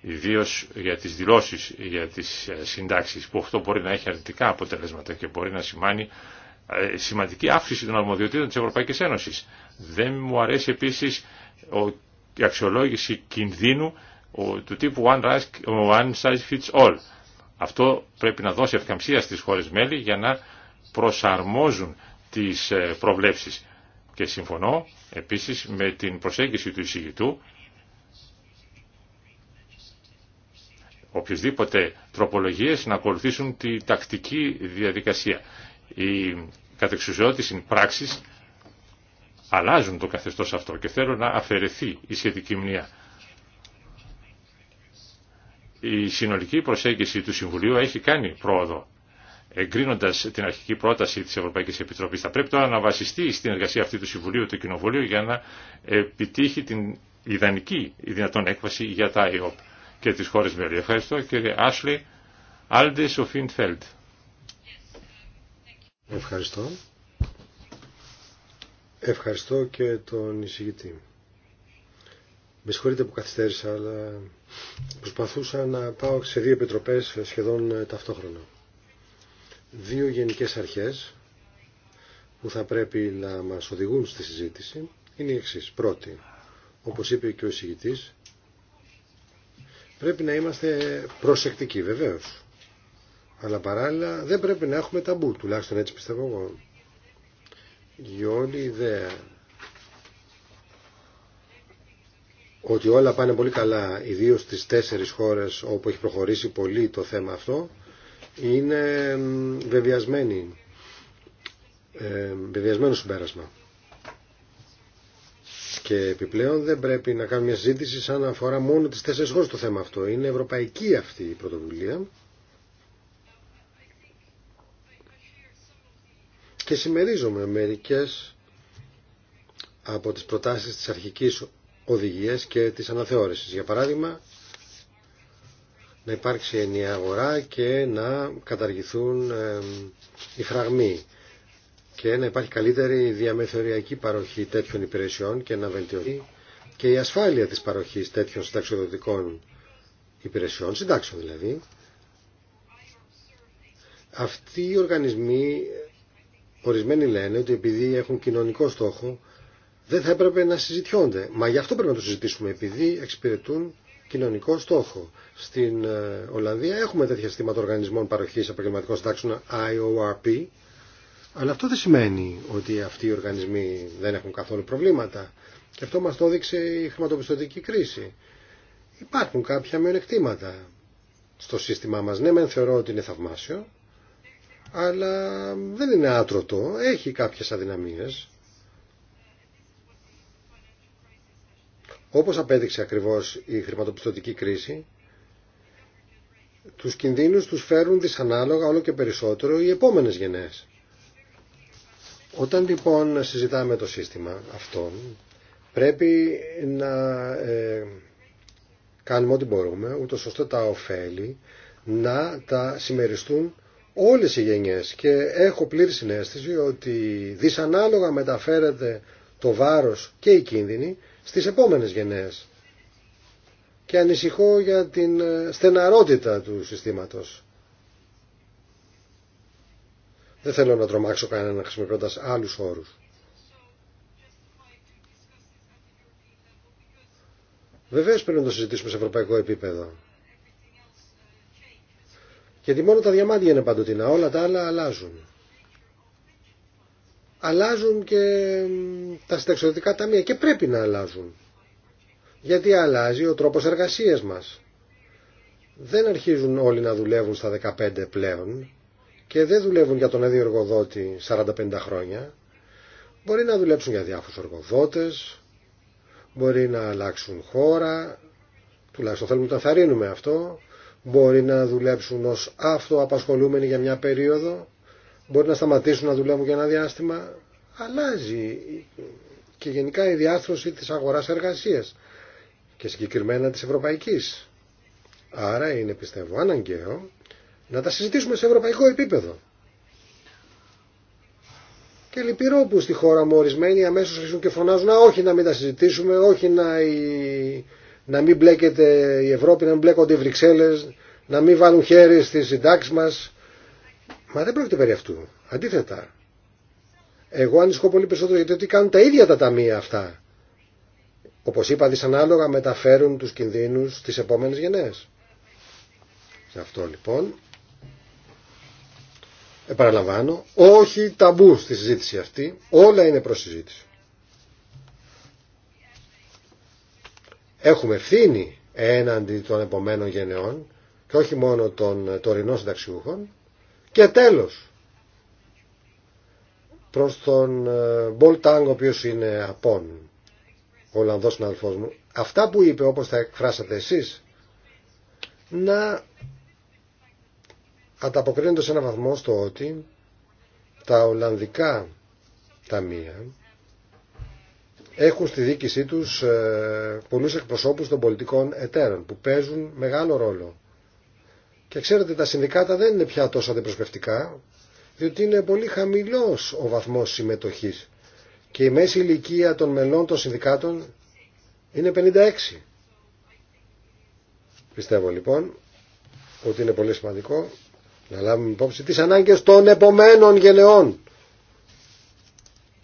ιδίω για τις δηλώσεις, για τις συντάξεις, που αυτό μπορεί να έχει αρνητικά αποτελέσματα και μπορεί να σημάνει ε, σημαντική αύξηση των αρμοδιοτήτων της Ευρωπαϊκής Ένωσης. Δεν μου αρέσει επίσης η αξιολόγηση κινδύνου του τύπου one size fits all. Αυτό πρέπει να δώσει ευκαμψία στις χώρες μέλη για να προσαρμόζουν τις ε, προβλέψεις. Και συμφωνώ επίσης με την προσέγγιση του εισηγητού οποιουσδήποτε τροπολογίες να ακολουθήσουν τη τακτική διαδικασία οι κατεξουσιώτηση πράξεις αλλάζουν το καθεστώς αυτό και θέλω να αφαιρεθεί η σχετική μνήμα. Η συνολική προσέγγιση του Συμβουλίου έχει κάνει πρόοδο εγκρίνοντα την αρχική πρόταση τη Ευρωπαϊκή Επιτροπή. Θα πρέπει τώρα να βασιστεί στην εργασία αυτή του Συμβουλίου, του Κοινοβουλίου, για να επιτύχει την ιδανική δυνατόν έκβαση για τα ΙΟΠ και τι χώρε μέλη. Ευχαριστώ κύριε Άσλι Άλντε Σοφίντ Φέλντ. Ευχαριστώ. Ευχαριστώ και τον εισηγητή. Με συγχωρείτε που καθυστέρησα, αλλά προσπαθούσα να πάω σε δύο επιτροπές σχεδόν ταυτόχρονα. Δύο γενικές αρχές που θα πρέπει να μας οδηγούν στη συζήτηση είναι η εξή Πρώτη, όπως είπε και ο εισηγητής, πρέπει να είμαστε προσεκτικοί βεβαίως. Αλλά παράλληλα δεν πρέπει να έχουμε ταμπού, τουλάχιστον έτσι πιστεύω εγώ. Η όλη ιδέα ότι όλα πάνε πολύ καλά, ιδίως στις τέσσερις χώρες όπου έχει προχωρήσει πολύ το θέμα αυτό, είναι βεβαιασμένη, ε, βεβαιασμένο συμπέρασμα. Και επιπλέον δεν πρέπει να κάνουμε μια συζήτηση σαν να αφορά μόνο τις τέσσερις χώρες το θέμα αυτό. Είναι ευρωπαϊκή αυτή η πρωτοβουλία. και συμμερίζομαι μερικές από τις προτάσεις της αρχικής οδηγίας και της αναθεώρησης. Για παράδειγμα, να υπάρξει ενιαία αγορά και να καταργηθούν οι φραγμοί και να υπάρχει καλύτερη διαμεθοριακή παροχή τέτοιων υπηρεσιών και να βελτιωθεί και η ασφάλεια της παροχής τέτοιων συνταξιοδοτικών υπηρεσιών, συντάξεων δηλαδή. Αυτοί οι οργανισμοί Ορισμένοι λένε ότι επειδή έχουν κοινωνικό στόχο δεν θα έπρεπε να συζητιώνται. Μα γι' αυτό πρέπει να το συζητήσουμε, επειδή εξυπηρετούν κοινωνικό στόχο. Στην ε, Ολλανδία έχουμε τέτοια συστήματα οργανισμών παροχή επαγγελματικών συντάξεων, IORP, αλλά αυτό δεν σημαίνει ότι αυτοί οι οργανισμοί δεν έχουν καθόλου προβλήματα. Και αυτό μα το έδειξε η χρηματοπιστωτική κρίση. Υπάρχουν κάποια μειονεκτήματα στο σύστημά μα Ναι, μεν θεωρώ ότι είναι θαυμάσιο, αλλά δεν είναι άτρωτο, έχει κάποιες αδυναμίες. Όπως απέδειξε ακριβώς η χρηματοπιστωτική κρίση, τους κινδύνους τους φέρουν δυσανάλογα όλο και περισσότερο οι επόμενες γενναίες. Όταν λοιπόν συζητάμε το σύστημα αυτό, πρέπει να ε, κάνουμε ό,τι μπορούμε, ούτως ώστε τα ωφέλη να τα συμμεριστούν όλες οι γενιές και έχω πλήρη συνέστηση ότι δυσανάλογα μεταφέρεται το βάρος και η κίνδυνη στις επόμενες γενιές. Και ανησυχώ για την ε, στεναρότητα του συστήματος. Δεν θέλω να τρομάξω κανέναν χρησιμοποιώντας άλλους όρους. Βεβαίως πρέπει να το συζητήσουμε σε ευρωπαϊκό επίπεδο. Γιατί μόνο τα διαμάντια είναι παντοτινά, όλα τα άλλα αλλάζουν. Αλλάζουν και τα συνταξιδοτικά ταμεία και πρέπει να αλλάζουν. Γιατί αλλάζει ο τρόπος εργασίας μας. Δεν αρχίζουν όλοι να δουλεύουν στα 15 πλέον και δεν δουλεύουν για τον ίδιο εργοδότη 40-50 χρόνια. Μπορεί να δουλέψουν για διάφορους εργοδότες, μπορεί να αλλάξουν χώρα, τουλάχιστον θέλουμε να το αυτό, μπορεί να δουλέψουν ως αυτοαπασχολούμενοι για μια περίοδο, μπορεί να σταματήσουν να δουλεύουν για ένα διάστημα. Αλλάζει και γενικά η διάρθρωση της αγοράς εργασίας και συγκεκριμένα της ευρωπαϊκής. Άρα είναι πιστεύω αναγκαίο να τα συζητήσουμε σε ευρωπαϊκό επίπεδο. Και λυπηρό που στη χώρα μου ορισμένοι αμέσως και φωνάζουν όχι να μην τα συζητήσουμε, όχι να η να μην μπλέκεται η Ευρώπη, να μην μπλέκονται οι Βρυξέλλες, να μην βάλουν χέρι στις συντάξει μας. Μα δεν πρόκειται περί αυτού. Αντίθετα. Εγώ ανησυχώ πολύ περισσότερο γιατί ότι κάνουν τα ίδια τα ταμεία αυτά. Όπως είπα δυσανάλογα μεταφέρουν τους κινδύνου στι επόμενε γενναίε. Σε αυτό λοιπόν επαναλαμβάνω, όχι ταμπού στη συζήτηση αυτή, όλα είναι προς συζήτηση. Έχουμε ευθύνη έναντι των επομένων γενεών και όχι μόνο των τωρινών συνταξιούχων. Και τέλος, προς τον ε, Μπολ Τάγκ, ο οποίος είναι απόν, ο Ολλανδός συναδελφός μου, αυτά που είπε όπως τα εκφράσατε εσείς, να ανταποκρίνονται σε έναν βαθμό στο ότι τα Ολλανδικά ταμεία έχουν στη δίκησή τους ε, πολλούς εκπροσώπους των πολιτικών εταίρων που παίζουν μεγάλο ρόλο. Και ξέρετε τα συνδικάτα δεν είναι πια τόσο αντιπροσπευτικά διότι είναι πολύ χαμηλός ο βαθμός συμμετοχής και η μέση ηλικία των μελών των συνδικάτων είναι 56. Πιστεύω λοιπόν ότι είναι πολύ σημαντικό να λάβουμε υπόψη τις ανάγκες των επομένων γενεών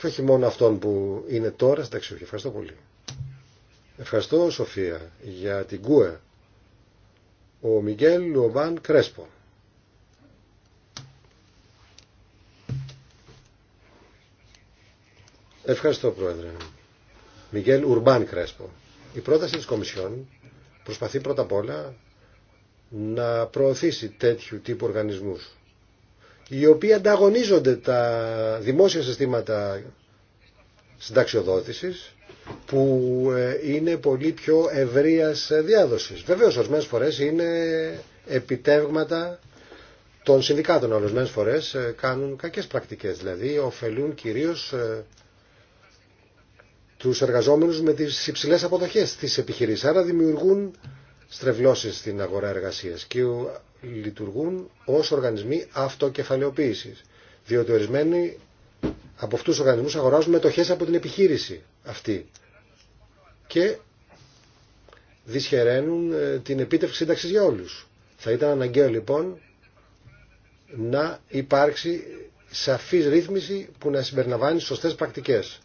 και όχι μόνο αυτών που είναι τώρα ταξιδιωτική. Ευχαριστώ πολύ. Ευχαριστώ, Σοφία, για την ΚΟΕ. Ο Μιγγέλ Λουομπάν Κρέσπο. Ευχαριστώ, Πρόεδρε. Μιγγέλ Ουρμπάν Κρέσπο. Η πρόταση της Κομισιόν προσπαθεί πρώτα απ' όλα να προωθήσει τέτοιου τύπου οργανισμούς οι οποίοι ανταγωνίζονται τα δημόσια συστήματα συνταξιοδότησης που ε, είναι πολύ πιο ευρείας διάδοσης. Βεβαίως, ορισμένες φορές είναι επιτεύγματα των συνδικάτων, ορισμένες φορές ε, κάνουν κακές πρακτικές, δηλαδή ωφελούν κυρίως ε, τους εργαζόμενους με τις υψηλές αποδοχές της επιχειρήσης, άρα δημιουργούν στρεβλώσεις στην αγορά εργασίας και λειτουργούν ως οργανισμοί αυτοκεφαλαιοποίησης. Διότι ορισμένοι από αυτούς τους οργανισμούς αγοράζουν μετοχές από την επιχείρηση αυτή και δυσχεραίνουν ε, την επίτευξη σύνταξη για όλους. Θα ήταν αναγκαίο λοιπόν να υπάρξει σαφής ρύθμιση που να συμπεριλαμβάνει σωστές πρακτικές.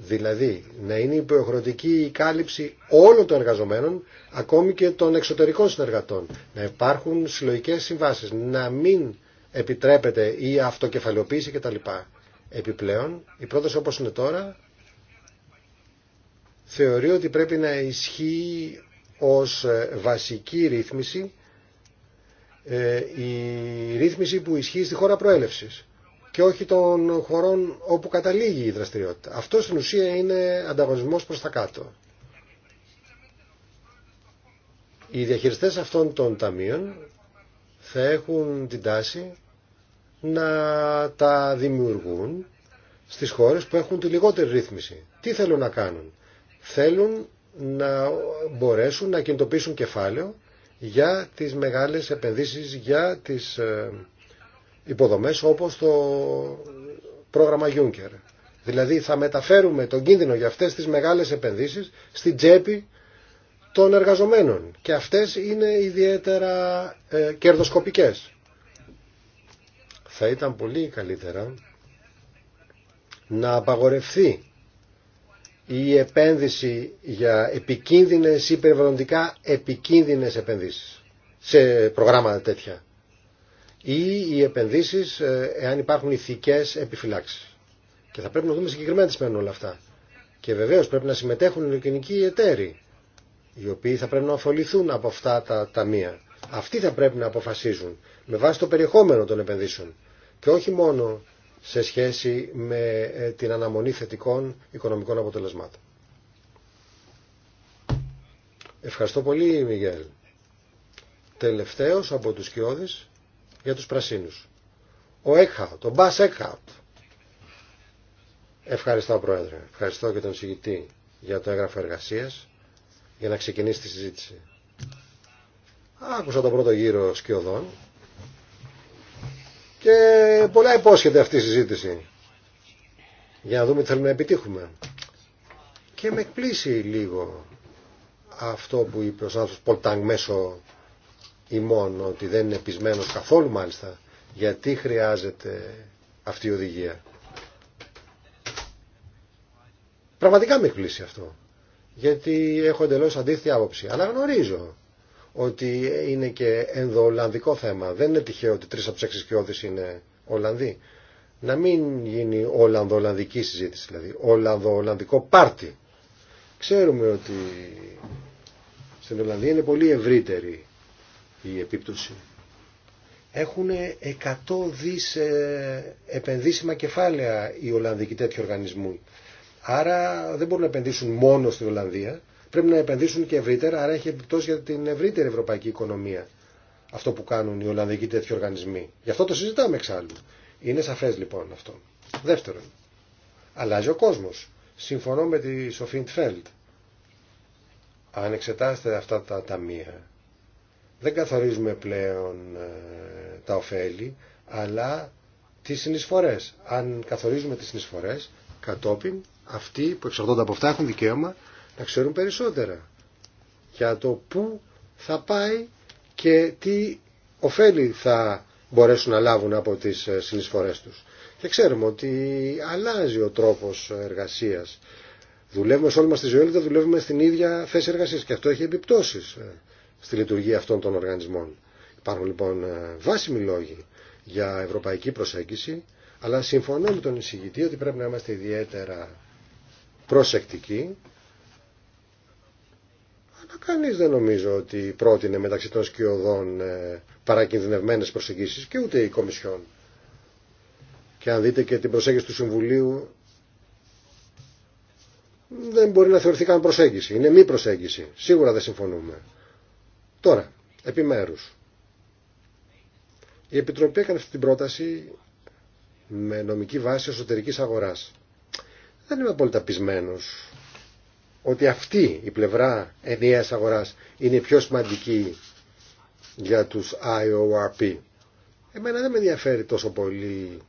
Δηλαδή να είναι υποχρεωτική η κάλυψη όλων των εργαζομένων, ακόμη και των εξωτερικών συνεργατών. Να υπάρχουν συλλογικέ συμβάσει, να μην επιτρέπεται η αυτοκεφαλαιοποίηση κτλ. Επιπλέον, η πρόταση όπω είναι τώρα θεωρεί ότι πρέπει να ισχύει ως βασική ρύθμιση ε, η ρύθμιση που ισχύει στη χώρα προέλευσης και όχι των χωρών όπου καταλήγει η δραστηριότητα. Αυτό στην ουσία είναι ανταγωνισμός προς τα κάτω. Οι διαχειριστές αυτών των ταμείων θα έχουν την τάση να τα δημιουργούν στις χώρες που έχουν τη λιγότερη ρύθμιση. Τι θέλουν να κάνουν. Θέλουν να μπορέσουν να κινητοποιήσουν κεφάλαιο για τις μεγάλες επενδύσεις, για τις ε, υποδομές όπως το πρόγραμμα Juncker. Δηλαδή θα μεταφέρουμε τον κίνδυνο για αυτές τις μεγάλες επενδύσεις στην τσέπη των εργαζομένων και αυτές είναι ιδιαίτερα ε, κερδοσκοπικές. Θα ήταν πολύ καλύτερα να απαγορευθεί η επένδυση για επικίνδυνες ή περιβαλλοντικά επικίνδυνες επενδύσεις σε προγράμματα τέτοια ή οι επενδύσεις ε, εάν υπάρχουν ηθικές επιφυλάξει. Και θα πρέπει να δούμε συγκεκριμένα τι σημαίνουν όλα αυτά. Και βεβαίως πρέπει να συμμετέχουν οι ελληνικοί εταίροι, οι οποίοι θα πρέπει να αφοληθούν από αυτά τα ταμεία. Αυτοί θα πρέπει να αποφασίζουν με βάση το περιεχόμενο των επενδύσεων και όχι μόνο σε σχέση με ε, την αναμονή θετικών οικονομικών αποτελεσμάτων. Ευχαριστώ πολύ, Μιγέλ. Τελευταίος από τους Κιώδης, για τους πρασίνους. Ο Έκχαουτ, ο Μπάς Έκχαουτ. Ευχαριστώ Πρόεδρε, ευχαριστώ και τον συγητή για το έγγραφο εργασίας για να ξεκινήσει τη συζήτηση. Άκουσα τον πρώτο γύρο σκιωδών και πολλά υπόσχεται αυτή η συζήτηση για να δούμε τι θέλουμε να επιτύχουμε. Και με εκπλήσει λίγο αυτό που είπε ο Σάνθος Πολταγκ μέσω ημών ότι δεν είναι πεισμένος καθόλου μάλιστα γιατί χρειάζεται αυτή η οδηγία. Πραγματικά με εκπλήσει αυτό. Γιατί έχω εντελώ αντίθετη άποψη. Αλλά γνωρίζω ότι είναι και ενδοολανδικο θέμα. Δεν είναι τυχαίο ότι τρει από του έξι είναι Ολλανδοί. Να μην γίνει συζήτηση, δηλαδή Ολλανδο-Ολλανδικό πάρτι. Ξέρουμε ότι στην Ολλανδία είναι πολύ ευρύτερη η επίπτωση. Έχουν 100 δις ε, επενδύσιμα κεφάλαια οι Ολλανδικοί τέτοιοι οργανισμοί. Άρα δεν μπορούν να επενδύσουν μόνο στην Ολλανδία, πρέπει να επενδύσουν και ευρύτερα, άρα έχει επιπτώσει για την ευρύτερη ευρωπαϊκή οικονομία αυτό που κάνουν οι Ολλανδικοί τέτοιοι οργανισμοί. Γι' αυτό το συζητάμε εξάλλου. Είναι σαφές λοιπόν αυτό. Δεύτερον, αλλάζει ο κόσμος. Συμφωνώ με τη Σοφίντ Φέλτ. Αν εξετάσετε αυτά τα ταμεία, δεν καθορίζουμε πλέον ε, τα ωφέλη, αλλά τις συνεισφορές. Αν καθορίζουμε τις συνεισφορές, κατόπιν αυτοί που εξαρτώνται από αυτά έχουν δικαίωμα να ξέρουν περισσότερα για το πού θα πάει και τι ωφέλη θα μπορέσουν να λάβουν από τις ε, συνεισφορές τους. Και ξέρουμε ότι αλλάζει ο τρόπος εργασίας. Δουλεύουμε σε όλη μας τη ζωή, δουλεύουμε στην ίδια θέση εργασίας και αυτό έχει επιπτώσεις ε στη λειτουργία αυτών των οργανισμών. Υπάρχουν λοιπόν ε, βάσιμοι λόγοι για ευρωπαϊκή προσέγγιση, αλλά συμφωνώ με τον εισηγητή ότι πρέπει να είμαστε ιδιαίτερα προσεκτικοί. Αλλά κανείς δεν νομίζω ότι πρότεινε μεταξύ των σκιωδών ε, παρακινδυνευμένες προσεγγίσεις και ούτε η Κομισιόν. Και αν δείτε και την προσέγγιση του Συμβουλίου δεν μπορεί να θεωρηθεί καν προσέγγιση. Είναι μη προσέγγιση. Σίγουρα δεν συμφωνούμε. Τώρα, επιμέρους. Η Επιτροπή έκανε αυτή την πρόταση με νομική βάση εσωτερικής αγοράς. Δεν είμαι απόλυτα πεισμένος ότι αυτή η πλευρά ενιαίας αγοράς είναι η πιο σημαντική για τους IORP. Εμένα δεν με ενδιαφέρει τόσο πολύ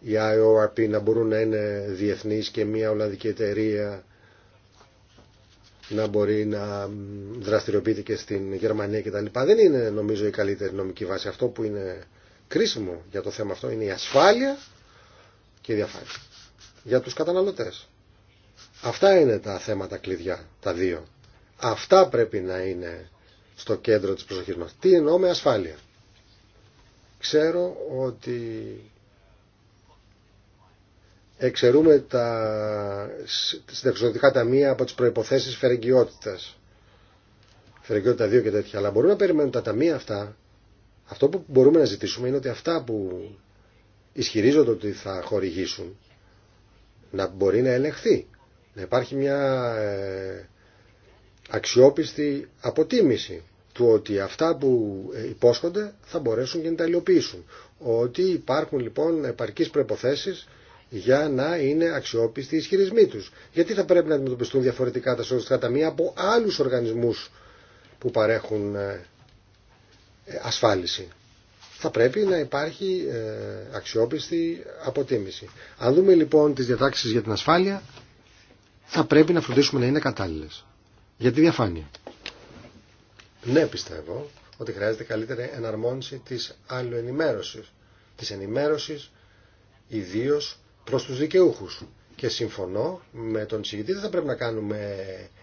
οι IORP να μπορούν να είναι διεθνείς και μια Ολλανδική εταιρεία να μπορεί να δραστηριοποιείται και στην Γερμανία κτλ. Δεν είναι νομίζω η καλύτερη νομική βάση. Αυτό που είναι κρίσιμο για το θέμα αυτό είναι η ασφάλεια και η διαφάνεια για τους καταναλωτές. Αυτά είναι τα θέματα κλειδιά, τα δύο. Αυτά πρέπει να είναι στο κέντρο της προσοχής μας. Τι εννοώ με ασφάλεια. Ξέρω ότι εξαιρούμε τα συνταξιδοτικά ταμεία από τις προϋποθέσεις φερεγγιότητας. Φερεγγιότητα 2 και τέτοια. Αλλά μπορούμε να περιμένουμε τα ταμεία αυτά. Αυτό που μπορούμε να ζητήσουμε είναι ότι αυτά που ισχυρίζονται ότι θα χορηγήσουν να μπορεί να ελεγχθεί. Να υπάρχει μια ε, αξιόπιστη αποτίμηση του ότι αυτά που ε, υπόσχονται θα μπορέσουν και να τα υλοποιήσουν. Ότι υπάρχουν λοιπόν επαρκείς προϋποθέσεις για να είναι αξιόπιστοι οι ισχυρισμοί του. Γιατί θα πρέπει να αντιμετωπιστούν διαφορετικά τα σωστικά ταμεία από άλλου οργανισμού που παρέχουν ε, ασφάλιση. Θα πρέπει να υπάρχει ε, αξιόπιστη αποτίμηση. Αν δούμε λοιπόν τις διατάξεις για την ασφάλεια, θα πρέπει να φροντίσουμε να είναι κατάλληλες. Για τη διαφάνεια. Ναι, πιστεύω ότι χρειάζεται καλύτερη εναρμόνιση της άλλου ενημέρωσης. Της ενημέρωσης ιδίως προς τους δικαιούχους. Και συμφωνώ με τον συγκεκριτή, δεν θα πρέπει να κάνουμε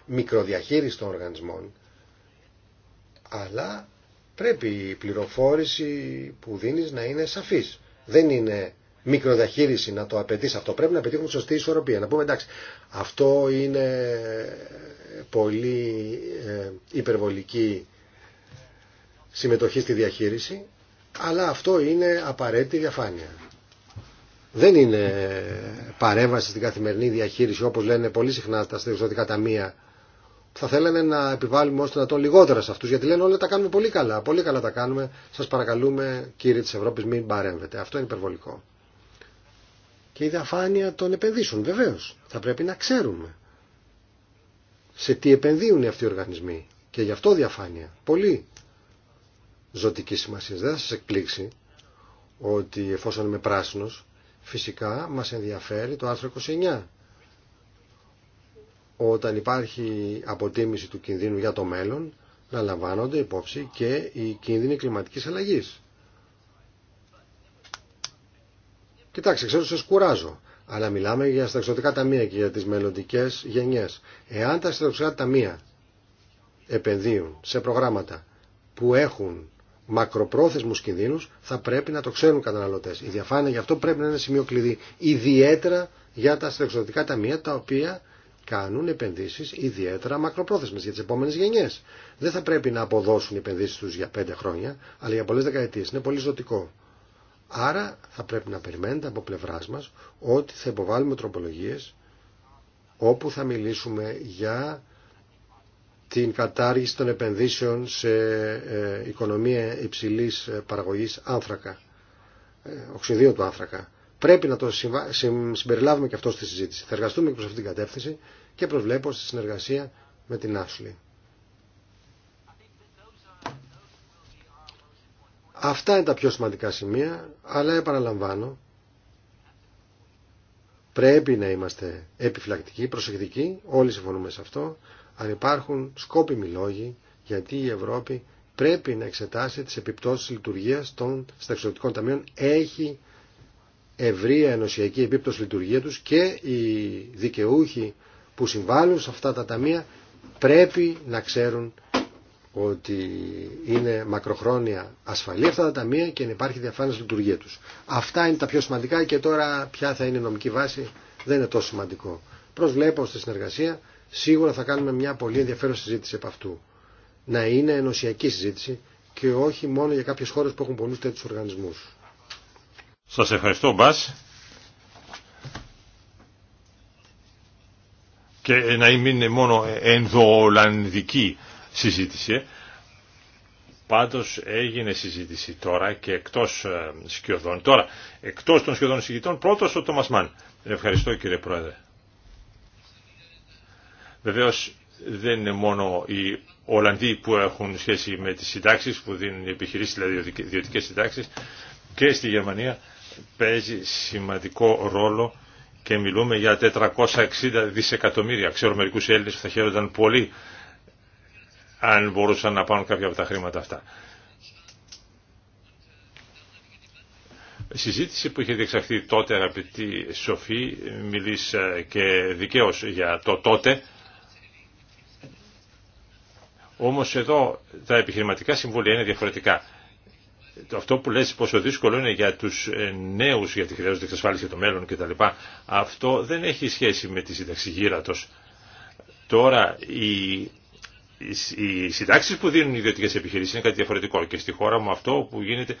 μικροδιαχείριση των οργανισμών, αλλά πρέπει η πληροφόρηση που δίνεις να είναι σαφής. Δεν είναι μικροδιαχείριση να το απαιτείς αυτό. Πρέπει να πετύχουμε σωστή ισορροπία. Να πούμε εντάξει, αυτό είναι πολύ ε, υπερβολική συμμετοχή στη διαχείριση, αλλά αυτό είναι απαραίτητη διαφάνεια δεν είναι παρέμβαση στην καθημερινή διαχείριση όπως λένε πολύ συχνά τα στεγιστοτικά ταμεία θα θέλανε να επιβάλλουμε ώστε να τον λιγότερα σε αυτούς γιατί λένε όλα τα κάνουμε πολύ καλά πολύ καλά τα κάνουμε σας παρακαλούμε κύριοι της Ευρώπης μην παρέμβετε αυτό είναι υπερβολικό και η διαφάνεια των επενδύσεων βεβαίω. θα πρέπει να ξέρουμε σε τι επενδύουν αυτοί οι οργανισμοί και γι' αυτό διαφάνεια πολύ ζωτική σημασία δεν θα σας εκπλήξει ότι εφόσον είμαι πράσινος Φυσικά μας ενδιαφέρει το άρθρο 29. Όταν υπάρχει αποτίμηση του κινδύνου για το μέλλον, να λαμβάνονται υπόψη και οι κίνδυνοι κλιματικής αλλαγής. Κοιτάξτε, ξέρω σας κουράζω, αλλά μιλάμε για σταξιωτικά ταμεία και για τις μελλοντικές γενιές. Εάν τα σταξιωτικά ταμεία επενδύουν σε προγράμματα που έχουν μακροπρόθεσμους κινδύνους θα πρέπει να το ξέρουν οι καταναλωτές. Η διαφάνεια γι' αυτό πρέπει να είναι σημείο κλειδί. Ιδιαίτερα για τα στρεξοδοτικά ταμεία τα οποία κάνουν επενδύσεις ιδιαίτερα μακροπρόθεσμες για τις επόμενες γενιές. Δεν θα πρέπει να αποδώσουν οι επενδύσεις τους για πέντε χρόνια, αλλά για πολλές δεκαετίες. Είναι πολύ ζωτικό. Άρα θα πρέπει να περιμένετε από πλευρά μα ότι θα υποβάλουμε τροπολογίες όπου θα μιλήσουμε για την κατάργηση των επενδύσεων σε ε, οικονομία υψηλής ε, παραγωγής άνθρακα, ε, οξυδίων του άνθρακα. Πρέπει να το συμπεριλάβουμε και αυτό στη συζήτηση. Θα εργαστούμε προς αυτήν την κατεύθυνση και προσβλέπω στη συνεργασία με την Άσλη. Αυτά είναι τα πιο σημαντικά σημεία, αλλά επαναλαμβάνω, πρέπει να είμαστε επιφυλακτικοί, προσεκτικοί, όλοι συμφωνούμε σε αυτό, αν υπάρχουν σκόπιμοι λόγοι γιατί η Ευρώπη πρέπει να εξετάσει τις επιπτώσεις λειτουργίας των σταξιωτικών ταμείων. Έχει ευρία ενωσιακή επίπτωση λειτουργία τους και οι δικαιούχοι που συμβάλλουν σε αυτά τα ταμεία πρέπει να ξέρουν ότι είναι μακροχρόνια ασφαλή αυτά τα ταμεία και να υπάρχει διαφάνεια στη λειτουργία τους. Αυτά είναι τα πιο σημαντικά και τώρα ποια θα είναι η νομική βάση δεν είναι τόσο σημαντικό. Προσβλέπω στη συνεργασία Σίγουρα θα κάνουμε μια πολύ ενδιαφέρουσα συζήτηση από αυτού. Να είναι ενωσιακή συζήτηση και όχι μόνο για κάποιες χώρες που έχουν πολλούς τέτοιους οργανισμούς. Σας ευχαριστώ Μπάς. Και να μην είναι μόνο ενδοολανδική συζήτηση. Πάντως έγινε συζήτηση τώρα και εκτός ε, σκιωδών. Τώρα, εκτός των σκιωδών συζητητών, πρώτος ο Τόμας Μαν. Ευχαριστώ κύριε Πρόεδρε. Βεβαίως δεν είναι μόνο οι Ολλανδοί που έχουν σχέση με τις συντάξεις, που δίνουν οι επιχειρήσεις, δηλαδή ιδιωτικές συντάξεις, και στη Γερμανία παίζει σημαντικό ρόλο και μιλούμε για 460 δισεκατομμύρια. Ξέρω μερικούς Έλληνες που θα χαίρονταν πολύ αν μπορούσαν να πάρουν κάποια από τα χρήματα αυτά. Συζήτηση που είχε διεξαχθεί τότε αγαπητή Σοφή, μιλείς ε, και δικαίως για το τότε, όμως εδώ τα επιχειρηματικά συμβούλια είναι διαφορετικά. Αυτό που λες πόσο δύσκολο είναι για τους ε, νέους, γιατί χρειάζονται εξασφάλιση για το μέλλον κτλ. Αυτό δεν έχει σχέση με τη σύνταξη γύρατος. Τώρα οι, οι συντάξεις που δίνουν οι ιδιωτικές επιχειρήσεις είναι κάτι διαφορετικό και στη χώρα μου αυτό που γίνεται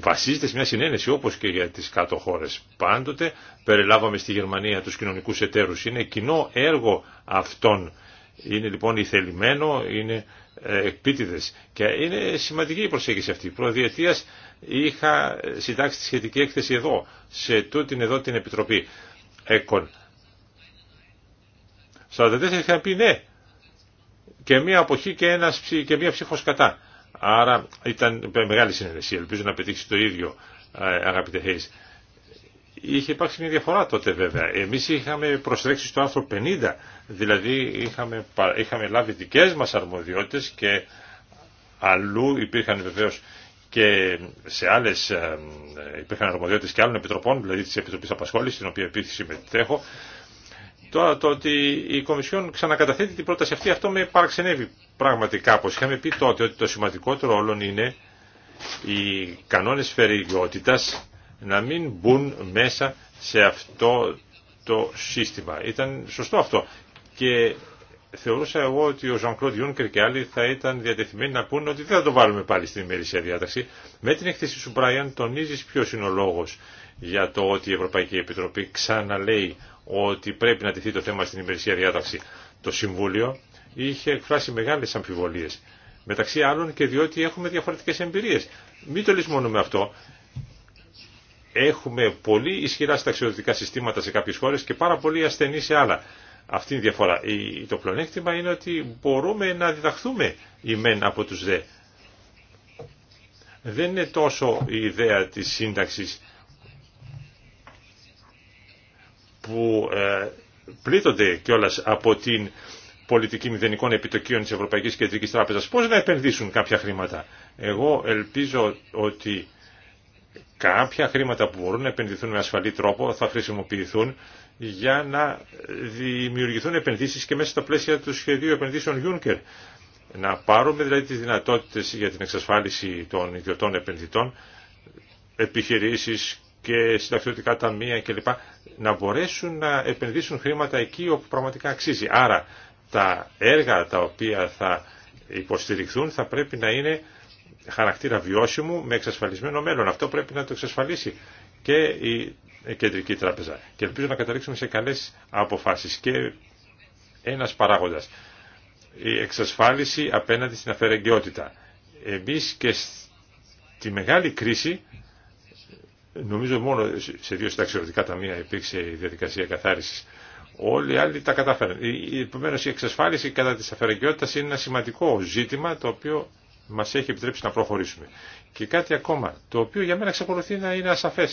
βασίζεται σε μια συνένεση όπως και για τις κάτω χώρες. Πάντοτε περιλάβαμε στη Γερμανία τους κοινωνικούς εταίρους. Είναι κοινό έργο αυτών είναι λοιπόν ηθελημένο, είναι επίτηδε. και είναι σημαντική η προσέγγιση αυτή. Προδιετίας είχα συντάξει τη σχετική έκθεση εδώ, σε την εδώ την Επιτροπή ΕΚΟΝ. 44 είχα πει ναι και μία αποχή και, ένας, και μία ψήφος κατά. Άρα ήταν μεγάλη συνεργασία, Ελπίζω να πετύχει το ίδιο ε, αγαπητέ Χέις. Είχε υπάρξει μια διαφορά τότε βέβαια. Εμείς είχαμε προσέξει στο άρθρο 50, δηλαδή είχαμε, είχαμε λάβει δικές μας αρμοδιότητες και αλλού υπήρχαν βεβαίως και σε άλλες ε, υπήρχαν αρμοδιότητες και άλλων επιτροπών, δηλαδή της Επιτροπής Απασχόλησης, στην οποία επίσης συμμετέχω. Τώρα το ότι η Κομισιόν ξανακαταθέτει την πρόταση αυτή, αυτό με παραξενεύει πραγματικά κάπως. Είχαμε πει τότε ότι το σημαντικότερο όλων είναι οι κανόνες φερεγιότητας να μην μπουν μέσα σε αυτό το σύστημα. Ήταν σωστό αυτό. Και θεωρούσα εγώ ότι ο Ζαν Κλοντ Ιούνκερ και άλλοι θα ήταν διατεθειμένοι να πούνε ότι δεν θα το βάλουμε πάλι στην ημερήσια διάταξη. Με την έκθεση σου, Μπράιαν, τονίζεις ποιος είναι ο λόγος για το ότι η Ευρωπαϊκή Επιτροπή ξαναλέει ότι πρέπει να τεθεί το θέμα στην ημερησία διάταξη. Το Συμβούλιο είχε εκφράσει μεγάλες αμφιβολίες. Μεταξύ άλλων και διότι έχουμε διαφορετικές εμπειρίες. Μην το λησμονούμε αυτό. Έχουμε πολύ ισχυρά συνταξιοδοτικά συστήματα σε κάποιες χώρες και πάρα πολύ ασθενή σε άλλα. Αυτή είναι η διαφορά. Το πλονέκτημα είναι ότι μπορούμε να διδαχθούμε μεν από τους δε. Δεν είναι τόσο η ιδέα της σύνταξης που ε, πλήττονται κιόλας από την πολιτική μηδενικών επιτοκίων της Ευρωπαϊκής Κεντρικής Τράπεζας. Πώς να επενδύσουν κάποια χρήματα. Εγώ ελπίζω ότι Κάποια χρήματα που μπορούν να επενδυθούν με ασφαλή τρόπο θα χρησιμοποιηθούν για να δημιουργηθούν επενδύσεις και μέσα στα πλαίσια του σχεδίου επενδύσεων Juncker. Να πάρουμε δηλαδή τις δυνατότητες για την εξασφάλιση των ιδιωτών επενδυτών, επιχειρήσεις και συνταξιωτικά ταμεία κλπ. να μπορέσουν να επενδύσουν χρήματα εκεί όπου πραγματικά αξίζει. Άρα τα έργα τα οποία θα υποστηριχθούν θα πρέπει να είναι χαρακτήρα βιώσιμου με εξασφαλισμένο μέλλον. Αυτό πρέπει να το εξασφαλίσει και η Κεντρική Τράπεζα. Και ελπίζω να καταλήξουμε σε καλές αποφάσεις. Και ένας παράγοντας, η εξασφάλιση απέναντι στην αφαιρεγκαιότητα. Εμείς και στη μεγάλη κρίση, νομίζω μόνο σε δύο συνταξιωτικά ταμεία υπήρξε η διαδικασία καθάρισης, Όλοι οι άλλοι τα κατάφεραν. Επομένω, η εξασφάλιση κατά τη αφαιρεγκαιότητα είναι ένα σημαντικό ζήτημα το οποίο Μα έχει επιτρέψει να προχωρήσουμε. Και κάτι ακόμα, το οποίο για μένα εξακολουθεί να είναι ασαφέ.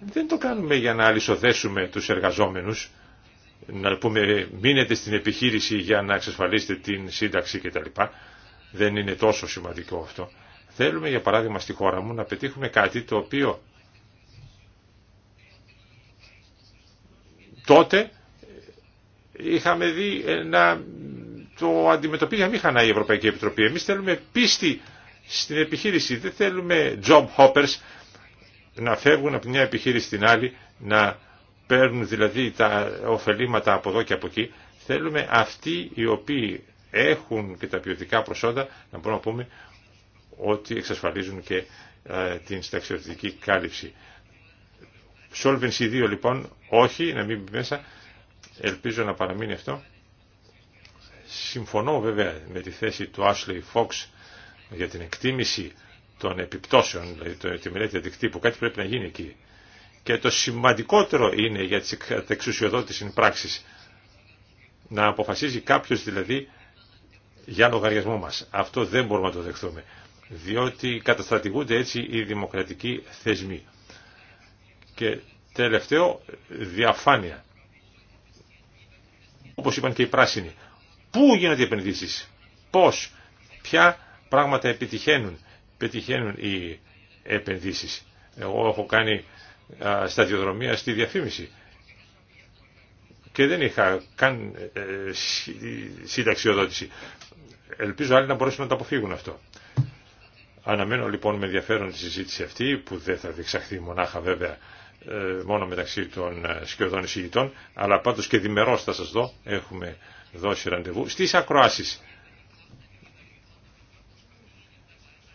Δεν το κάνουμε για να αλυσοδέσουμε τους εργαζόμενους, να πούμε μείνετε στην επιχείρηση για να εξασφαλίσετε την σύνταξη κτλ. Δεν είναι τόσο σημαντικό αυτό. Θέλουμε για παράδειγμα στη χώρα μου να πετύχουμε κάτι το οποίο τότε είχαμε δει να το αντιμετωπίζει αμήχανα η Ευρωπαϊκή Επιτροπή. Εμείς θέλουμε πίστη στην επιχείρηση. Δεν θέλουμε job hoppers να φεύγουν από μια επιχείρηση στην άλλη, να παίρνουν δηλαδή τα ωφελήματα από εδώ και από εκεί. Θέλουμε αυτοί οι οποίοι έχουν και τα ποιοτικά προσόντα να μπορούμε να πούμε ότι εξασφαλίζουν και ε, την σταξιωτική κάλυψη. Solvency 2 λοιπόν, όχι, να μην μπει μέσα. Ελπίζω να παραμείνει αυτό. Συμφωνώ βέβαια με τη θέση του Ashley Fox για την εκτίμηση των επιπτώσεων, δηλαδή τη μελέτη που κάτι πρέπει να γίνει εκεί. Και το σημαντικότερο είναι για τις εξουσιοδότηση πράξη, να αποφασίζει κάποιος δηλαδή για λογαριασμό μας. Αυτό δεν μπορούμε να το δεχθούμε, διότι καταστρατηγούνται έτσι οι δημοκρατικοί θεσμοί. Και τελευταίο, διαφάνεια. Όπως είπαν και οι πράσινοι, Πού γίνονται οι επενδύσεις, πώς, ποια πράγματα επιτυχαίνουν, επιτυχαίνουν οι επενδύσεις. Εγώ έχω κάνει σταδιοδρομία στη διαφήμιση και δεν είχα καν ε, ε, συνταξιοδότηση. Ελπίζω άλλοι να μπορέσουν να τα αποφύγουν αυτό. Αναμένω λοιπόν με ενδιαφέρον τη συζήτηση αυτή που δεν θα διεξαχθεί μονάχα βέβαια ε, μόνο μεταξύ των ε, σκιωδών εισηγητών, αλλά πάντως και διμερώς θα σας δω, έχουμε δώσει ραντεβού, στις ακροάσεις.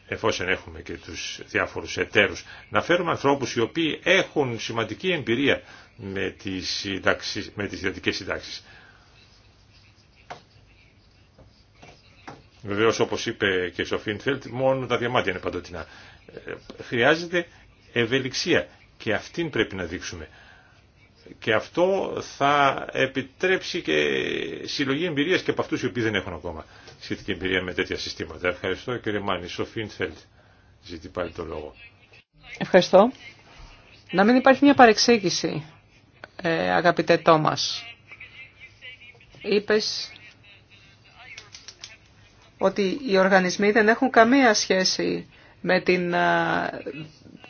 εφόσον έχουμε και τους διάφορους εταίρους, να φέρουμε ανθρώπους οι οποίοι έχουν σημαντική εμπειρία με τις, συντάξεις, με τις συντάξεις. συντάξει. Βεβαίω, όπως είπε και ο Σοφίνφελτ, μόνο τα διαμάτια είναι παντοτινά. Ε, χρειάζεται ευελιξία και αυτήν πρέπει να δείξουμε. Και αυτό θα επιτρέψει και συλλογή εμπειρίας και από αυτούς οι οποίοι δεν έχουν ακόμα σχετική εμπειρία με τέτοια συστήματα. Ευχαριστώ κύριε Μάνη. Φέλτ ζητεί πάλι το λόγο. Ευχαριστώ. Να μην υπάρχει μια παρεξήγηση, ε, αγαπητέ Τόμας. Είπες ότι οι οργανισμοί δεν έχουν καμία σχέση με την ε,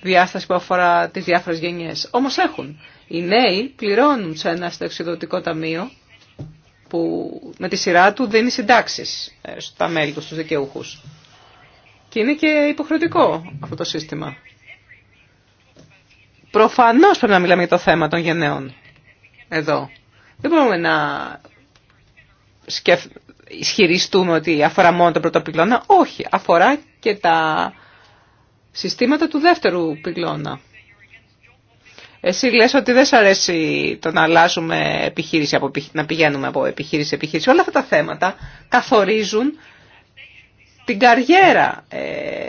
διάσταση που αφορά τις διάφορε γενιέ. Όμω έχουν. Οι νέοι πληρώνουν σε ένα συνταξιδοτικό ταμείο που με τη σειρά του δίνει συντάξει ε, στα μέλη του, στου δικαιούχου. Και είναι και υποχρεωτικό αυτό το σύστημα. Προφανώς πρέπει να μιλάμε για το θέμα των γενναίων εδώ. Δεν μπορούμε να σκεφ... ισχυριστούμε ότι αφορά μόνο τον πρώτο Όχι, αφορά και τα συστήματα του δεύτερου πυλώνα. Εσύ λες ότι δεν σ' αρέσει το να αλλάζουμε επιχείρηση, από, να πηγαίνουμε από επιχείρηση σε επιχείρηση. Όλα αυτά τα θέματα καθορίζουν την καριέρα ε,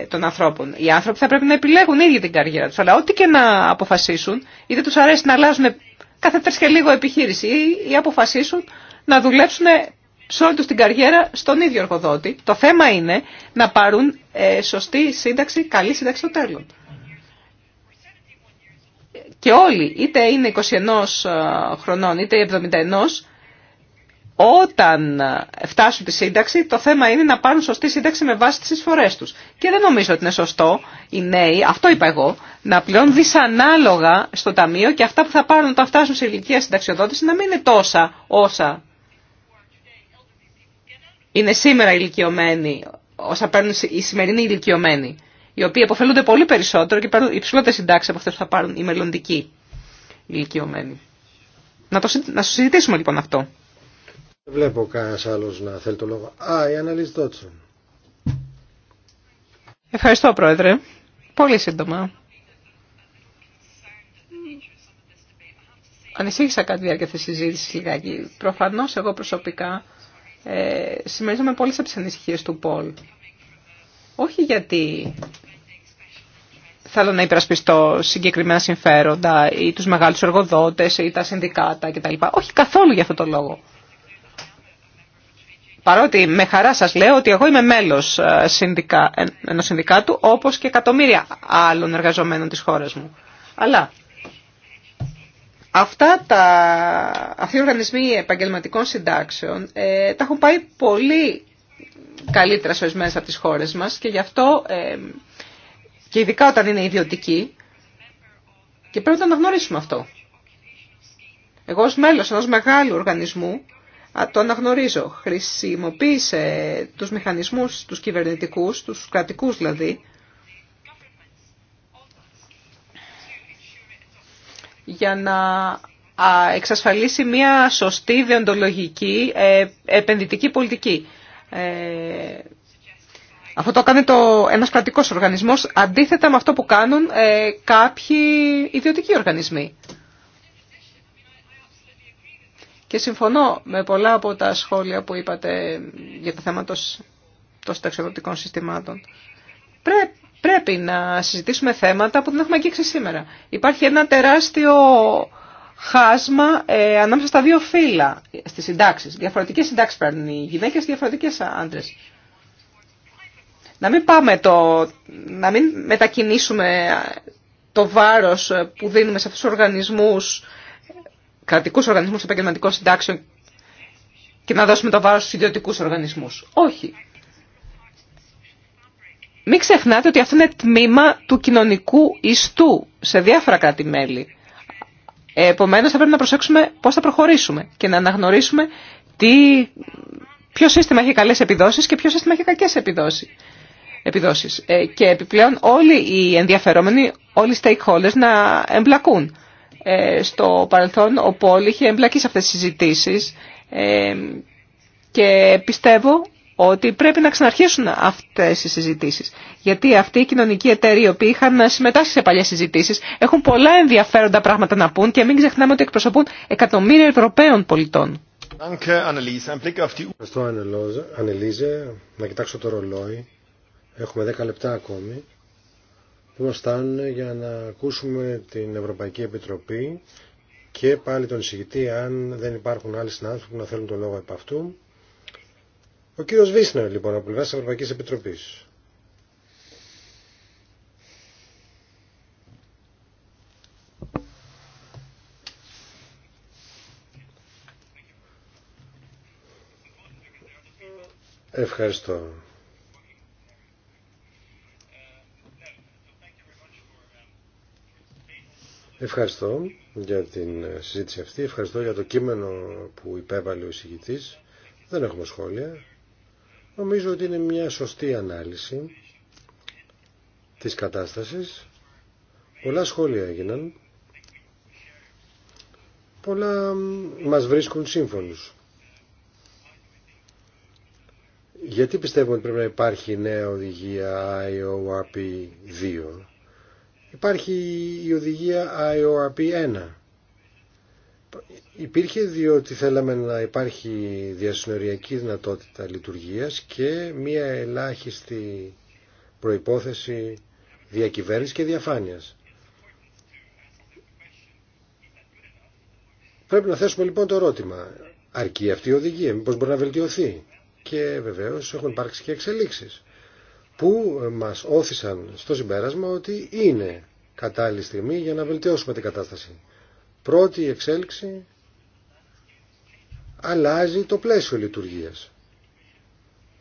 των ανθρώπων. Οι άνθρωποι θα πρέπει να επιλέγουν ίδια την καριέρα τους, αλλά ό,τι και να αποφασίσουν, είτε τους αρέσει να αλλάζουν κάθε τρεις και λίγο επιχείρηση ή, ή αποφασίσουν να δουλέψουν σε όλη την καριέρα στον ίδιο εργοδότη. Το θέμα είναι να πάρουν ε, σωστή σύνταξη, καλή σύνταξη στο τέλο. Και όλοι, είτε είναι 21 ε, χρονών, είτε 71, όταν ε, φτάσουν τη σύνταξη, το θέμα είναι να πάρουν σωστή σύνταξη με βάση τις εισφορές τους. Και δεν νομίζω ότι είναι σωστό οι νέοι, αυτό είπα εγώ, να πλέον δυσανάλογα στο ταμείο και αυτά που θα πάρουν όταν φτάσουν σε ηλικία συνταξιοδότηση να μην είναι τόσα όσα είναι σήμερα ηλικιωμένοι, όσα παίρνουν οι σημερινοί ηλικιωμένοι, οι οποίοι αποφελούνται πολύ περισσότερο και παίρνουν υψηλότερε συντάξει από αυτέ που θα πάρουν οι μελλοντικοί ηλικιωμένοι. Να το, να συζητήσουμε λοιπόν αυτό. Δεν βλέπω κανένα άλλο να θέλει το λόγο. Α, η Αναλή Ευχαριστώ, Πρόεδρε. Πολύ σύντομα. Ανησύχησα κάτι διάρκεια τη συζήτηση λιγάκι. Προφανώ εγώ προσωπικά ε, συμμερίζομαι πολλές από τις ανησυχίες του Πολ. Όχι γιατί θέλω να υπερασπιστώ συγκεκριμένα συμφέροντα ή τους μεγάλους εργοδότες ή τα συνδικάτα κτλ. Όχι καθόλου για αυτό το λόγο. Παρότι με χαρά σας λέω ότι εγώ είμαι μέλος ε, συνδικα... ενός συνδικάτου όπως και εκατομμύρια άλλων εργαζομένων της χώρας μου. Αλλά Αυτά τα, αυτοί οι οργανισμοί επαγγελματικών συντάξεων ε, τα έχουν πάει πολύ καλύτερα σε ορισμένε από τις χώρες μας και γι' αυτό ε, και ειδικά όταν είναι ιδιωτικοί και πρέπει να αναγνωρίσουμε αυτό. Εγώ ως μέλος ενός μεγάλου οργανισμού το αναγνωρίζω. Χρησιμοποίησε τους μηχανισμούς, τους κυβερνητικούς, τους κρατικούς δηλαδή, για να εξασφαλίσει μια σωστή διοντολογική ε, επενδυτική πολιτική. Ε, αυτό το κάνει το, ένας κρατικός οργανισμός αντίθετα με αυτό που κάνουν ε, κάποιοι ιδιωτικοί οργανισμοί. Και συμφωνώ με πολλά από τα σχόλια που είπατε για το θέμα των, των συστημάτων. Πρέπει πρέπει να συζητήσουμε θέματα που δεν έχουμε αγγίξει σήμερα. Υπάρχει ένα τεράστιο χάσμα ε, ανάμεσα στα δύο φύλλα στι συντάξει. Διαφορετικέ συντάξει παίρνουν οι γυναίκε και διαφορετικέ άντρε. Να μην πάμε το. να μην μετακινήσουμε το βάρο που δίνουμε σε αυτού του οργανισμού, κρατικού οργανισμού επαγγελματικών συντάξεων και να δώσουμε το βάρο στου ιδιωτικού οργανισμού. Όχι. Μην ξεχνάτε ότι αυτό είναι τμήμα του κοινωνικού ιστού σε διάφορα κράτη-μέλη. Επομένως θα πρέπει να προσέξουμε πώς θα προχωρήσουμε και να αναγνωρίσουμε τι, ποιο σύστημα έχει καλές επιδόσεις και ποιο σύστημα έχει κακές επιδόσεις. επιδόσεις. Ε, και επιπλέον όλοι οι ενδιαφερόμενοι, όλοι οι stakeholders να εμπλακούν. Ε, στο παρελθόν ο Πόλη είχε εμπλακεί σε αυτές τις συζητήσεις ε, και πιστεύω ότι πρέπει να ξαναρχίσουν αυτέ οι συζητήσει. Γιατί αυτοί οι κοινωνικοί εταίροι, οι οποίοι είχαν συμμετάσχει σε παλιέ συζητήσει, έχουν πολλά ενδιαφέροντα πράγματα να πούν και μην ξεχνάμε ότι εκπροσωπούν εκατομμύρια Ευρωπαίων πολιτών. Ευχαριστώ, Ανελίζε. Να κοιτάξω το ρολόι. Έχουμε 10 λεπτά ακόμη που μας για να ακούσουμε την Ευρωπαϊκή Επιτροπή και πάλι τον εισηγητή αν δεν υπάρχουν άλλοι συνάδελφοι που να θέλουν το λόγο επ' αυτού. Ο κύριος Βίσνερ λοιπόν από πλευράς Ευρωπαϊκής Επιτροπής. Ευχαριστώ. Ευχαριστώ για την συζήτηση αυτή. Ευχαριστώ για το κείμενο που υπέβαλε ο εισηγητής. Δεν έχουμε σχόλια. Νομίζω ότι είναι μια σωστή ανάλυση της κατάστασης. Πολλά σχόλια έγιναν. Πολλά μας βρίσκουν σύμφωνους. Γιατί πιστεύω ότι πρέπει να υπάρχει νέα οδηγία IORP 2. Υπάρχει η οδηγία IORP 1 υπήρχε διότι θέλαμε να υπάρχει διασυνοριακή δυνατότητα λειτουργίας και μία ελάχιστη προϋπόθεση διακυβέρνησης και διαφάνειας. Πρέπει να θέσουμε λοιπόν το ερώτημα. Αρκεί αυτή η οδηγία, μήπως μπορεί να βελτιωθεί. Και βεβαίως έχουν υπάρξει και εξελίξεις που μας όθησαν στο συμπέρασμα ότι είναι κατάλληλη στιγμή για να βελτιώσουμε την κατάσταση πρώτη εξέλιξη αλλάζει το πλαίσιο λειτουργίας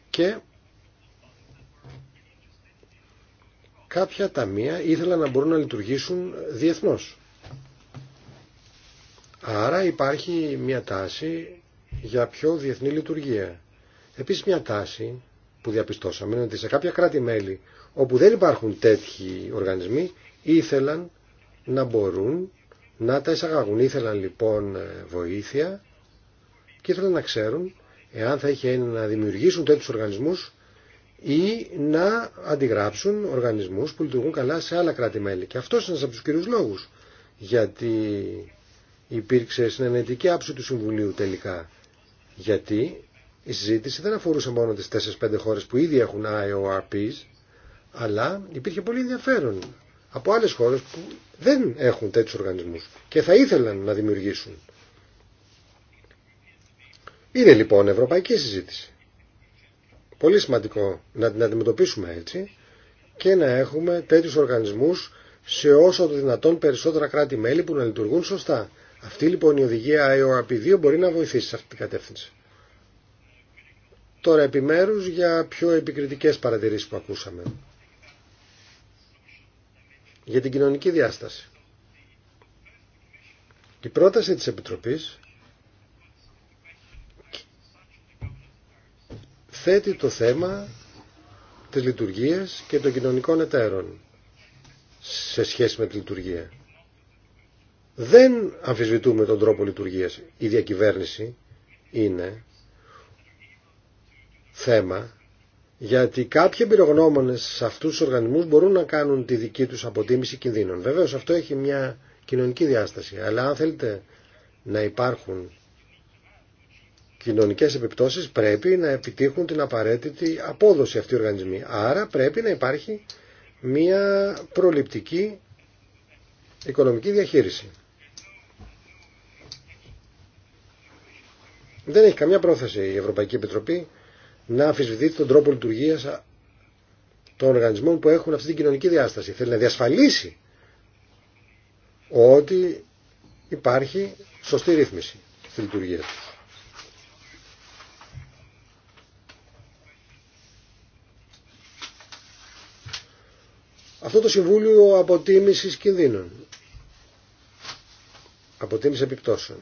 και κάποια ταμεία ήθελαν να μπορούν να λειτουργήσουν διεθνώς. Άρα υπάρχει μια τάση για πιο διεθνή λειτουργία. Επίσης μια τάση που διαπιστώσαμε είναι ότι σε κάποια κράτη-μέλη όπου δεν υπάρχουν τέτοιοι οργανισμοί ήθελαν να μπορούν να τα εισαγάγουν. Ήθελαν λοιπόν ε, βοήθεια και ήθελαν να ξέρουν εάν θα είχε να δημιουργήσουν τέτοιους οργανισμούς ή να αντιγράψουν οργανισμούς που λειτουργούν καλά σε άλλα κράτη-μέλη. Και αυτός είναι ένας από τους κυρίους λόγους γιατί υπήρξε συνενετική άψη του Συμβουλίου τελικά. Γιατί η συζήτηση δεν αφορούσε μόνο τις 4-5 χώρες που ήδη έχουν IORPs, αλλά υπήρχε πολύ ενδιαφέρον από άλλες χώρες που δεν έχουν τέτοιους οργανισμούς και θα ήθελαν να δημιουργήσουν. Είναι λοιπόν ευρωπαϊκή συζήτηση. Πολύ σημαντικό να την αντιμετωπίσουμε έτσι και να έχουμε τέτοιους οργανισμούς σε όσο το δυνατόν περισσότερα κράτη-μέλη που να λειτουργούν σωστά. Αυτή λοιπόν η οδηγία IORP2 μπορεί να βοηθήσει σε αυτή την κατεύθυνση. Τώρα επιμέρους για πιο επικριτικές παρατηρήσεις που ακούσαμε για την κοινωνική διάσταση. Η πρόταση της Επιτροπής θέτει το θέμα της λειτουργίας και των κοινωνικών εταίρων σε σχέση με τη λειτουργία. Δεν αμφισβητούμε τον τρόπο λειτουργίας. Η διακυβέρνηση είναι θέμα γιατί κάποιοι εμπειρογνώμονε σε αυτού του οργανισμού μπορούν να κάνουν τη δική του αποτίμηση κινδύνων. Βεβαίω αυτό έχει μια κοινωνική διάσταση. Αλλά αν θέλετε να υπάρχουν κοινωνικέ επιπτώσει, πρέπει να επιτύχουν την απαραίτητη απόδοση αυτοί οι οργανισμοί. Άρα πρέπει να υπάρχει μια προληπτική οικονομική διαχείριση. Δεν έχει καμιά πρόθεση η Ευρωπαϊκή Επιτροπή να αμφισβητείτε τον τρόπο λειτουργία των οργανισμών που έχουν αυτή την κοινωνική διάσταση. Θέλει να διασφαλίσει ότι υπάρχει σωστή ρύθμιση στη λειτουργία του. Αυτό το Συμβούλιο Αποτίμησης Κινδύνων. Αποτίμηση επιπτώσεων.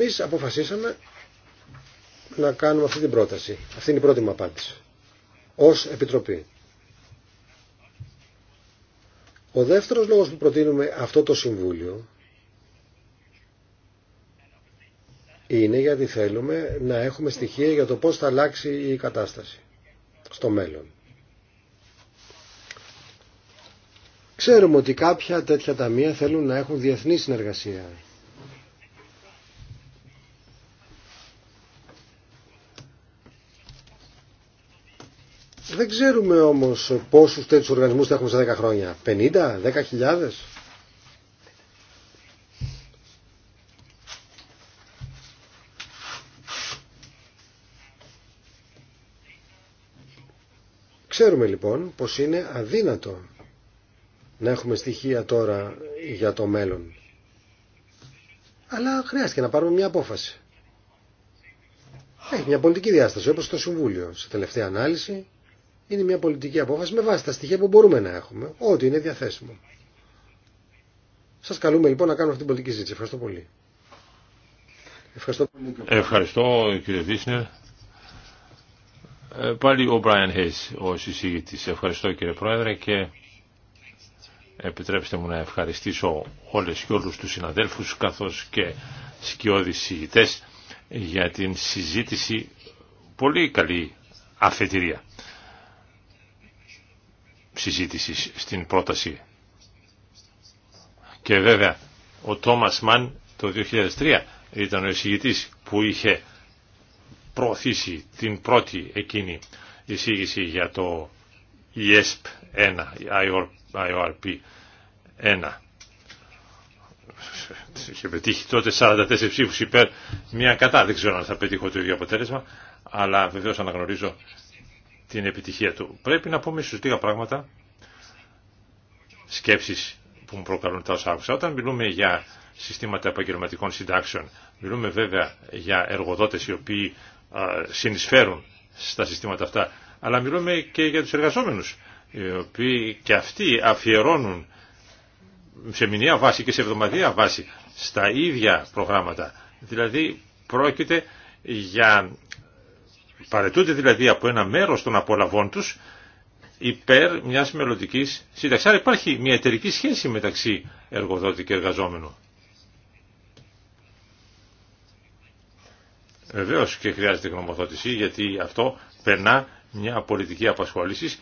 Εμείς αποφασίσαμε να κάνουμε αυτή την πρόταση. Αυτή είναι η πρώτη μου απάντηση. Ως Επιτροπή. Ο δεύτερος λόγος που προτείνουμε αυτό το Συμβούλιο είναι γιατί θέλουμε να έχουμε στοιχεία για το πώς θα αλλάξει η κατάσταση στο μέλλον. Ξέρουμε ότι κάποια τέτοια ταμεία θέλουν να έχουν διεθνή συνεργασία Δεν ξέρουμε όμως πόσους τέτοιους οργανισμούς θα έχουμε σε 10 χρόνια. 50, 10.000. Ξέρουμε λοιπόν πως είναι αδύνατο να έχουμε στοιχεία τώρα για το μέλλον. Αλλά χρειάστηκε να πάρουμε μια απόφαση. Έχει μια πολιτική διάσταση όπως το Συμβούλιο. Σε τελευταία ανάλυση είναι μια πολιτική απόφαση με βάση τα στοιχεία που μπορούμε να έχουμε, ό,τι είναι διαθέσιμο. Σας καλούμε λοιπόν να κάνουμε αυτή την πολιτική ζήτηση. Ευχαριστώ πολύ. Ευχαριστώ, κύριε Δίσνερ. Ε, πάλι ο Μπράιν Χέις ο συζήτης. Ευχαριστώ κύριε Πρόεδρε και επιτρέψτε μου να ευχαριστήσω όλες και όλους τους συναδέλφους καθώς και σκιώδεις συζητές για την συζήτηση πολύ καλή αφετηρία συζήτησης στην πρόταση. Και βέβαια ο Τόμας Μαν το 2003 ήταν ο εισηγητής που είχε προωθήσει την πρώτη εκείνη εισήγηση για το ESP1, IORP1. Είχε πετύχει τότε 44 ψήφους υπέρ, μία κατά, δεν ξέρω αν θα πετύχω το ίδιο αποτέλεσμα, αλλά βεβαίως αναγνωρίζω την επιτυχία του. Πρέπει να πούμε σωστή πράγματα, σκέψεις που μου προκαλούν τα όσα άκουσα. Όταν μιλούμε για συστήματα επαγγελματικών συντάξεων, μιλούμε βέβαια για εργοδότες οι οποίοι συνεισφέρουν στα συστήματα αυτά, αλλά μιλούμε και για τους εργαζόμενους, οι οποίοι και αυτοί αφιερώνουν σε μηνιαία βάση και σε εβδομαδιαία βάση στα ίδια προγράμματα. Δηλαδή πρόκειται για παρετούνται δηλαδή από ένα μέρος των απολαβών τους υπέρ μιας μελλοντική σύνταξη. Άρα υπάρχει μια εταιρική σχέση μεταξύ εργοδότη και εργαζόμενου. Βεβαίω και χρειάζεται γνωμοδότηση γιατί αυτό περνά μια πολιτική απασχόληση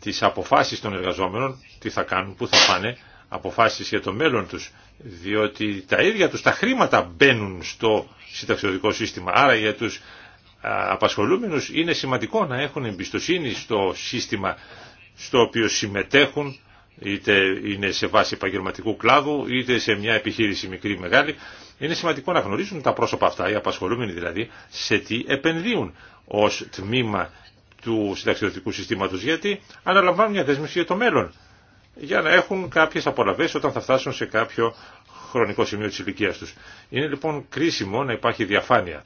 τη αποφάσεις των εργαζόμενων, τι θα κάνουν, πού θα πάνε, αποφάσεις για το μέλλον τους, διότι τα ίδια τους τα χρήματα μπαίνουν στο συνταξιωτικό σύστημα. Άρα για τους απασχολούμενους είναι σημαντικό να έχουν εμπιστοσύνη στο σύστημα στο οποίο συμμετέχουν είτε είναι σε βάση επαγγελματικού κλάδου είτε σε μια επιχείρηση μικρή ή μεγάλη είναι σημαντικό να γνωρίζουν τα πρόσωπα αυτά οι απασχολούμενοι δηλαδή σε τι επενδύουν ως τμήμα του συνταξιδοτικού συστήματος γιατί αναλαμβάνουν μια δέσμευση για το μέλλον για να έχουν κάποιες απολαβές όταν θα φτάσουν σε κάποιο χρονικό σημείο της ηλικίας τους. Είναι λοιπόν κρίσιμο να υπάρχει διαφάνεια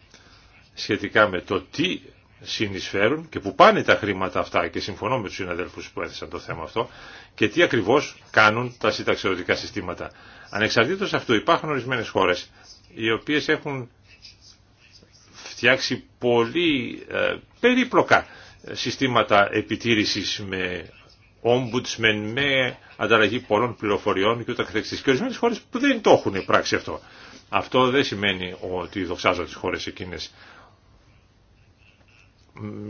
σχετικά με το τι συνεισφέρουν και που πάνε τα χρήματα αυτά και συμφωνώ με τους συναδέλφους που έθεσαν το θέμα αυτό και τι ακριβώς κάνουν τα συνταξιωτικά συστήματα. Ανεξαρτήτως αυτού υπάρχουν ορισμένες χώρες οι οποίες έχουν φτιάξει πολύ ε, περίπλοκα συστήματα επιτήρησης με ombudsman, με ανταλλαγή πολλών πληροφοριών και ούτε καθεξής. Και ορισμένες χώρες που δεν το έχουν πράξει αυτό. Αυτό δεν σημαίνει ότι δοξάζω τις χώρες εκείνες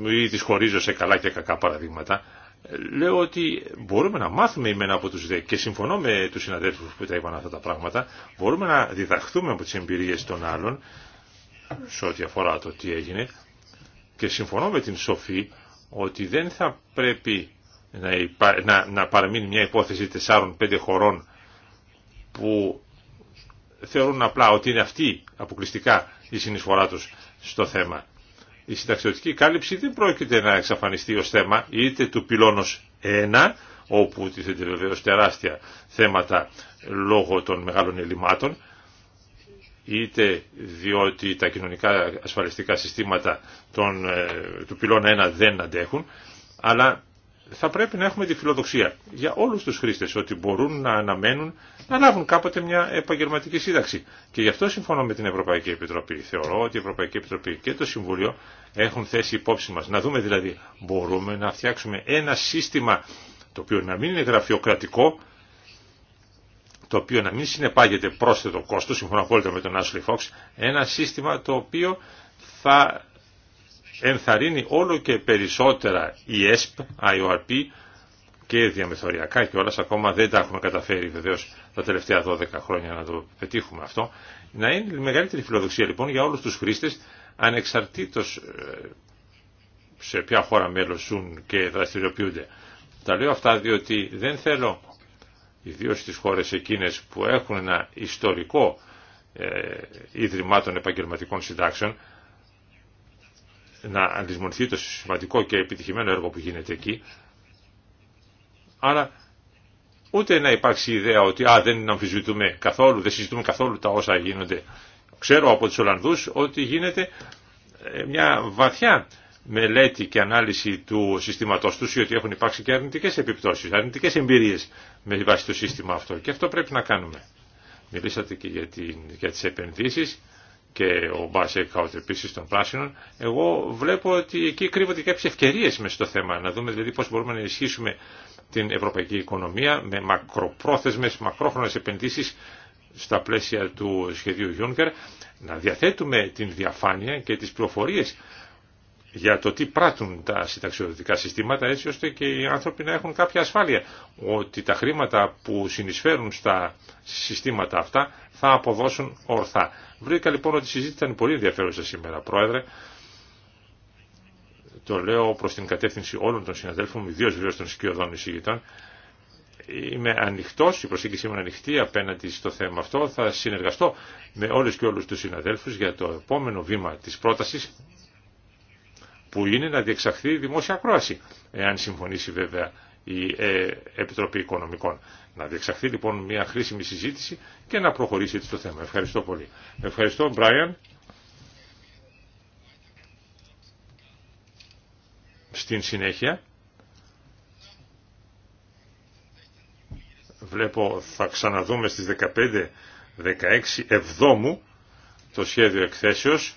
ή τις χωρίζω σε καλά και κακά παραδείγματα, λέω ότι μπορούμε να μάθουμε εμένα από τους δε και συμφωνώ με τους συναδέλφους που τα είπαν αυτά τα πράγματα, μπορούμε να διδαχθούμε από τις εμπειρίες των άλλων σε ό,τι αφορά το τι έγινε και συμφωνώ με την Σοφή ότι δεν θα πρέπει να, υπά, να, παραμείνει μια υπόθεση 4-5 χωρών που θεωρούν απλά ότι είναι αυτή αποκλειστικά η συνεισφορά τους στο θέμα η συνταξιωτική κάλυψη δεν πρόκειται να εξαφανιστεί ως θέμα είτε του πυλώνος 1, όπου τίθεται βεβαίω τεράστια θέματα λόγω των μεγάλων ελλημάτων, είτε διότι τα κοινωνικά ασφαλιστικά συστήματα των, ε, του πυλώνα 1 δεν αντέχουν, αλλά θα πρέπει να έχουμε τη φιλοδοξία για όλους τους χρήστες ότι μπορούν να αναμένουν να λάβουν κάποτε μια επαγγελματική σύνταξη. Και γι' αυτό συμφωνώ με την Ευρωπαϊκή Επιτροπή. Θεωρώ ότι η Ευρωπαϊκή Επιτροπή και το Συμβούλιο έχουν θέσει υπόψη μας. Να δούμε δηλαδή, μπορούμε να φτιάξουμε ένα σύστημα το οποίο να μην είναι γραφειοκρατικό, το οποίο να μην συνεπάγεται πρόσθετο κόστος, συμφωνώ απόλυτα με τον Ashley Fox, ένα σύστημα το οποίο θα ενθαρρύνει όλο και περισσότερα η ΕΣΠ, IORP και διαμεθοριακά και όλα ακόμα δεν τα έχουμε καταφέρει βεβαίως τα τελευταία 12 χρόνια να το πετύχουμε αυτό. Να είναι η μεγαλύτερη φιλοδοξία λοιπόν για όλους τους χρήστες ανεξαρτήτως ε, σε ποια χώρα μέλος ζουν και δραστηριοποιούνται. Τα λέω αυτά διότι δεν θέλω ιδίω στις χώρες εκείνες που έχουν ένα ιστορικό ε, Επαγγελματικών Συντάξεων να αντισμονηθεί το σημαντικό και επιτυχημένο έργο που γίνεται εκεί. Άρα ούτε να υπάρξει ιδέα ότι α, δεν αμφισβητούμε καθόλου, δεν συζητούμε καθόλου τα όσα γίνονται. Ξέρω από τους Ολλανδούς ότι γίνεται ε, μια βαθιά μελέτη και ανάλυση του συστήματός τους ότι έχουν υπάρξει και αρνητικές επιπτώσεις, αρνητικές εμπειρίες με βάση το σύστημα αυτό. Και αυτό πρέπει να κάνουμε. Μιλήσατε και για, την, για τις επενδύσεις και ο Μπάς Εκχαουτ επίσης των πράσινων, εγώ βλέπω ότι εκεί κρύβονται κάποιες ευκαιρίε με στο θέμα, να δούμε δηλαδή πώς μπορούμε να ενισχύσουμε την ευρωπαϊκή οικονομία με μακροπρόθεσμε μακρόχρονε επενδύσει στα πλαίσια του σχεδίου Juncker, να διαθέτουμε την διαφάνεια και τι πληροφορίε για το τι πράττουν τα συνταξιοδοτικά συστήματα έτσι ώστε και οι άνθρωποι να έχουν κάποια ασφάλεια ότι τα χρήματα που συνεισφέρουν στα συστήματα αυτά θα αποδώσουν ορθά. Βρήκα λοιπόν ότι η συζήτηση ήταν πολύ ενδιαφέρουσα σήμερα πρόεδρε. Το λέω προς την κατεύθυνση όλων των συναδέλφων μου, ιδίως βέβαια των σκιωδών εισηγητών. Είμαι ανοιχτό, η προσέγγιση μου είναι ανοιχτή απέναντι στο θέμα αυτό. Θα συνεργαστώ με όλε και όλου του συναδέλφου για το επόμενο βήμα τη πρόταση που είναι να διεξαχθεί δημόσια ακρόαση, εάν συμφωνήσει βέβαια η ε, Επιτροπή Οικονομικών. Να διεξαχθεί λοιπόν μια χρήσιμη συζήτηση και να προχωρήσει έτσι το θέμα. Ευχαριστώ πολύ. Ευχαριστώ, Μπράιαν. Στην συνέχεια, βλέπω θα ξαναδούμε στις 15-16 Εβδόμου το σχέδιο εκθέσεως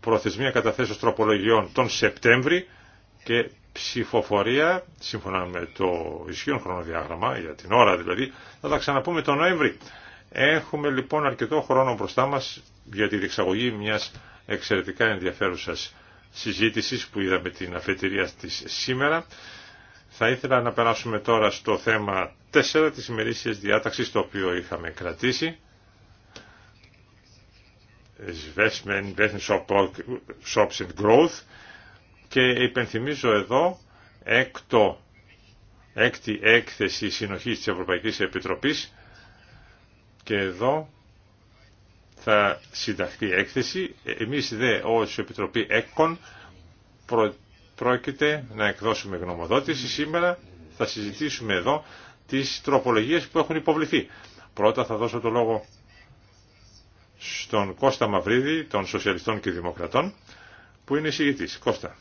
προθεσμία καταθέσεως τροπολογιών τον Σεπτέμβρη και ψηφοφορία, σύμφωνα με το ισχύον χρονοδιάγραμμα, για την ώρα δηλαδή, θα τα ξαναπούμε τον Νοέμβρη. Έχουμε λοιπόν αρκετό χρόνο μπροστά μας για τη διεξαγωγή μιας εξαιρετικά ενδιαφέρουσας συζήτησης που είδαμε την αφετηρία της σήμερα. Θα ήθελα να περάσουμε τώρα στο θέμα 4 της ημερήσιας διάταξης το οποίο είχαμε κρατήσει investment, shops and growth και υπενθυμίζω εδώ έκτο, έκτη έκθεση συνοχής της Ευρωπαϊκής Επιτροπής και εδώ θα συνταχθεί έκθεση. Εμείς δε ως Επιτροπή ΕΚΚΟΝ πρόκειται να εκδώσουμε γνωμοδότηση σήμερα. Θα συζητήσουμε εδώ τις τροπολογίες που έχουν υποβληθεί. Πρώτα θα δώσω το λόγο στον Κώστα Μαυρίδη των Σοσιαλιστών και Δημοκρατών που είναι εισηγητής. Κώστα.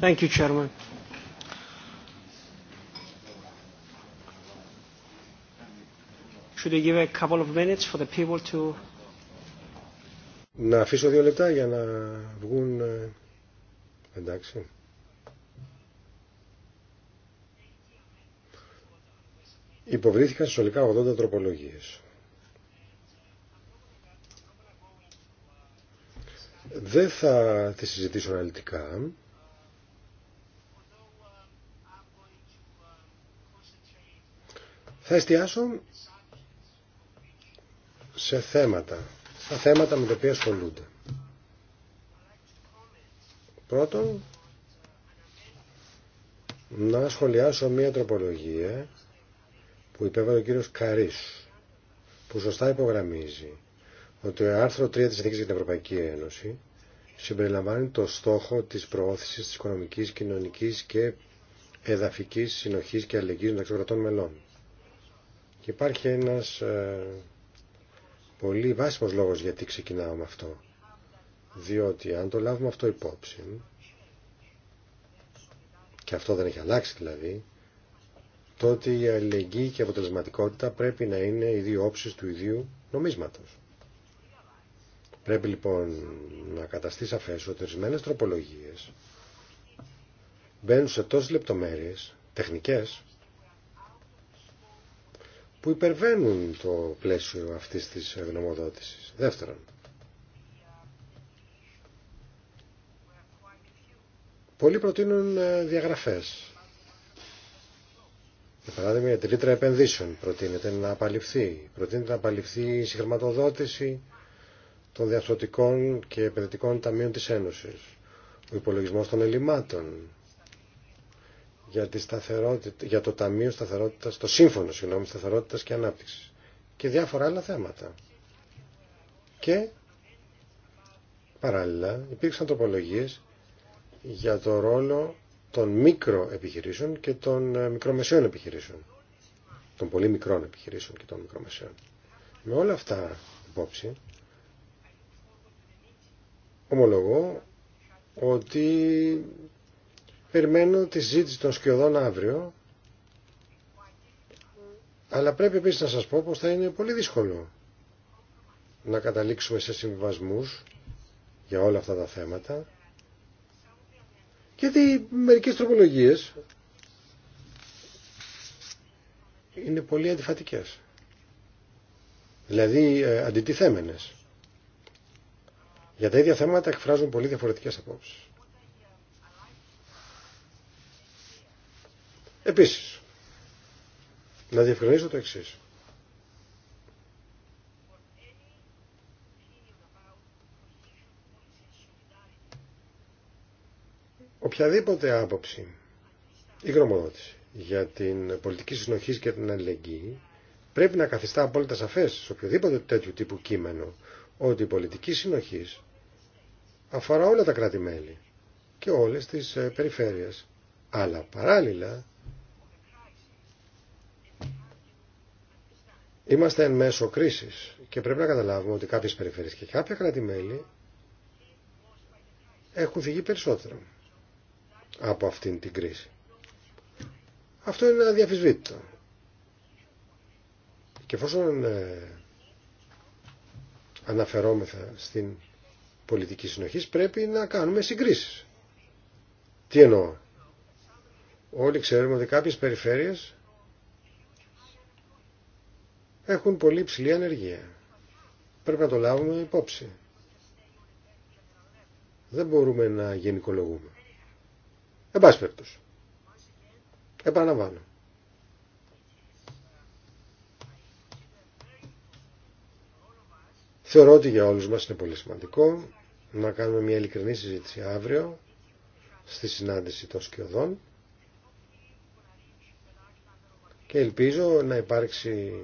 Thank you, Chairman. Should I give a couple of minutes for the people to... Να αφήσω δύο λεπτά για να βγουν... Ε, εντάξει. Υποβλήθηκαν συνολικά 80 τροπολογίες. Δεν θα τη συζητήσω αναλυτικά. Θα εστιάσω σε θέματα, στα θέματα με τα οποία ασχολούνται. Πρώτον, να σχολιάσω μία τροπολογία που υπέβαλε ο κύριος Καρίς, που σωστά υπογραμμίζει ότι ο άρθρο 3 της Συνθήκης για την Ευρωπαϊκή Ένωση συμπεριλαμβάνει το στόχο της προώθησης της οικονομικής, κοινωνικής και εδαφικής συνοχής και αλληλεγγύης των κρατών μελών. Και υπάρχει ένας ε, πολύ βάσιμος λόγος γιατί ξεκινάω με αυτό. Διότι αν το λάβουμε αυτό υπόψη, και αυτό δεν έχει αλλάξει δηλαδή, τότε η αλληλεγγύη και η αποτελεσματικότητα πρέπει να είναι οι δύο όψεις του ιδίου νομίσματος. Πρέπει λοιπόν να καταστεί σαφές ότι ορισμένε τροπολογίε μπαίνουν σε τόσε λεπτομέρειες τεχνικές που υπερβαίνουν το πλαίσιο αυτής της γνωμοδότηση. Δεύτερον, πολλοί προτείνουν ε, διαγραφές. Για παράδειγμα, η τρίτρα επενδύσεων προτείνεται να απαλληφθεί. Προτείνεται να απαλληφθεί η συγχρηματοδότηση των διαφθορτικών και επενδυτικών ταμείων της Ένωσης, ο υπολογισμός των ελλημάτων, για, τη σταθερότητα, για το Ταμείο Σταθερότητας, το Σύμφωνο συγγνώμη, Σταθερότητας και Ανάπτυξης και διάφορα άλλα θέματα. Και παράλληλα υπήρξαν τροπολογίες για το ρόλο των επιχειρήσεων και των ε, μικρομεσαίων επιχειρήσεων. Των πολύ μικρών επιχειρήσεων και των μικρομεσαίων. Με όλα αυτά υπόψη, ομολογώ ότι περιμένω τη συζήτηση των σκιωδών αύριο αλλά πρέπει επίσης να σας πω πως θα είναι πολύ δύσκολο να καταλήξουμε σε συμβασμούς για όλα αυτά τα θέματα γιατί μερικές τροπολογίες είναι πολύ αντιφατικές δηλαδή ε, αντιτιθέμενες για τα ίδια θέματα εκφράζουν πολύ διαφορετικές απόψεις. Επίσης, να διευκρινίσω το εξής. Οποιαδήποτε άποψη ή γνωμοδότηση για την πολιτική συνοχή και την αλληλεγγύη πρέπει να καθιστά απόλυτα σαφές σε οποιοδήποτε τέτοιου τύπου κείμενο ότι η πολιτική συνοχή αφορά όλα τα κράτη-μέλη και όλες τις ε, περιφέρειες. Αλλά παράλληλα είμαστε εν μέσω κρίσης και πρέπει να καταλάβουμε ότι κάποιες περιφέρειες και κάποια κράτη-μέλη έχουν φυγεί περισσότερο από αυτήν την κρίση. Αυτό είναι αδιαφυσβήτητο. Και εφόσον ε, αναφερόμεθα στην πολιτική συνοχή πρέπει να κάνουμε συγκρίσεις. Τι εννοώ. Όλοι ξέρουμε ότι κάποιες περιφέρειες έχουν πολύ ψηλή ανεργία. Πρέπει να το λάβουμε υπόψη. Δεν μπορούμε να γενικολογούμε. Εν πάση Επαναλαμβάνω. Θεωρώ ότι για όλους μας είναι πολύ σημαντικό να κάνουμε μια ειλικρινή συζήτηση αύριο στη συνάντηση των σκιωδών και ελπίζω να υπάρξει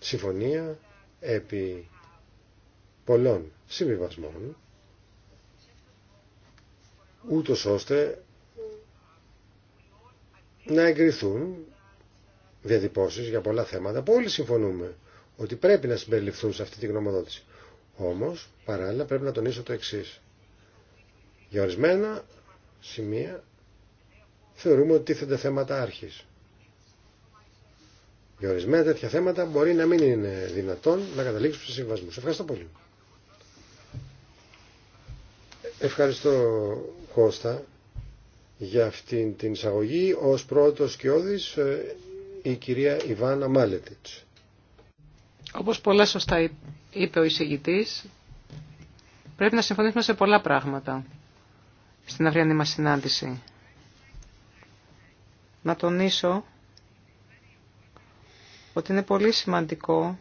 συμφωνία επί πολλών συμβιβασμών ούτως ώστε να εγκριθούν διατυπώσεις για πολλά θέματα που όλοι συμφωνούμε ότι πρέπει να συμπεριληφθούν σε αυτή τη γνωμοδότηση. Όμως, παράλληλα πρέπει να τονίσω το εξή. Για ορισμένα σημεία θεωρούμε ότι τίθενται θέματα άρχης. Για ορισμένα τέτοια θέματα μπορεί να μην είναι δυνατόν να καταλήξουμε σε συμβασμού. Ευχαριστώ πολύ. Ευχαριστώ Κώστα για αυτήν την εισαγωγή. Ως πρώτος όδης, ε, η κυρία Ιβάνα Μάλετιτς. Όπως πολλά σωστά είπε ο εισηγητής, πρέπει να συμφωνήσουμε σε πολλά πράγματα στην αυριανή μας συνάντηση. Να τονίσω ότι είναι πολύ σημαντικό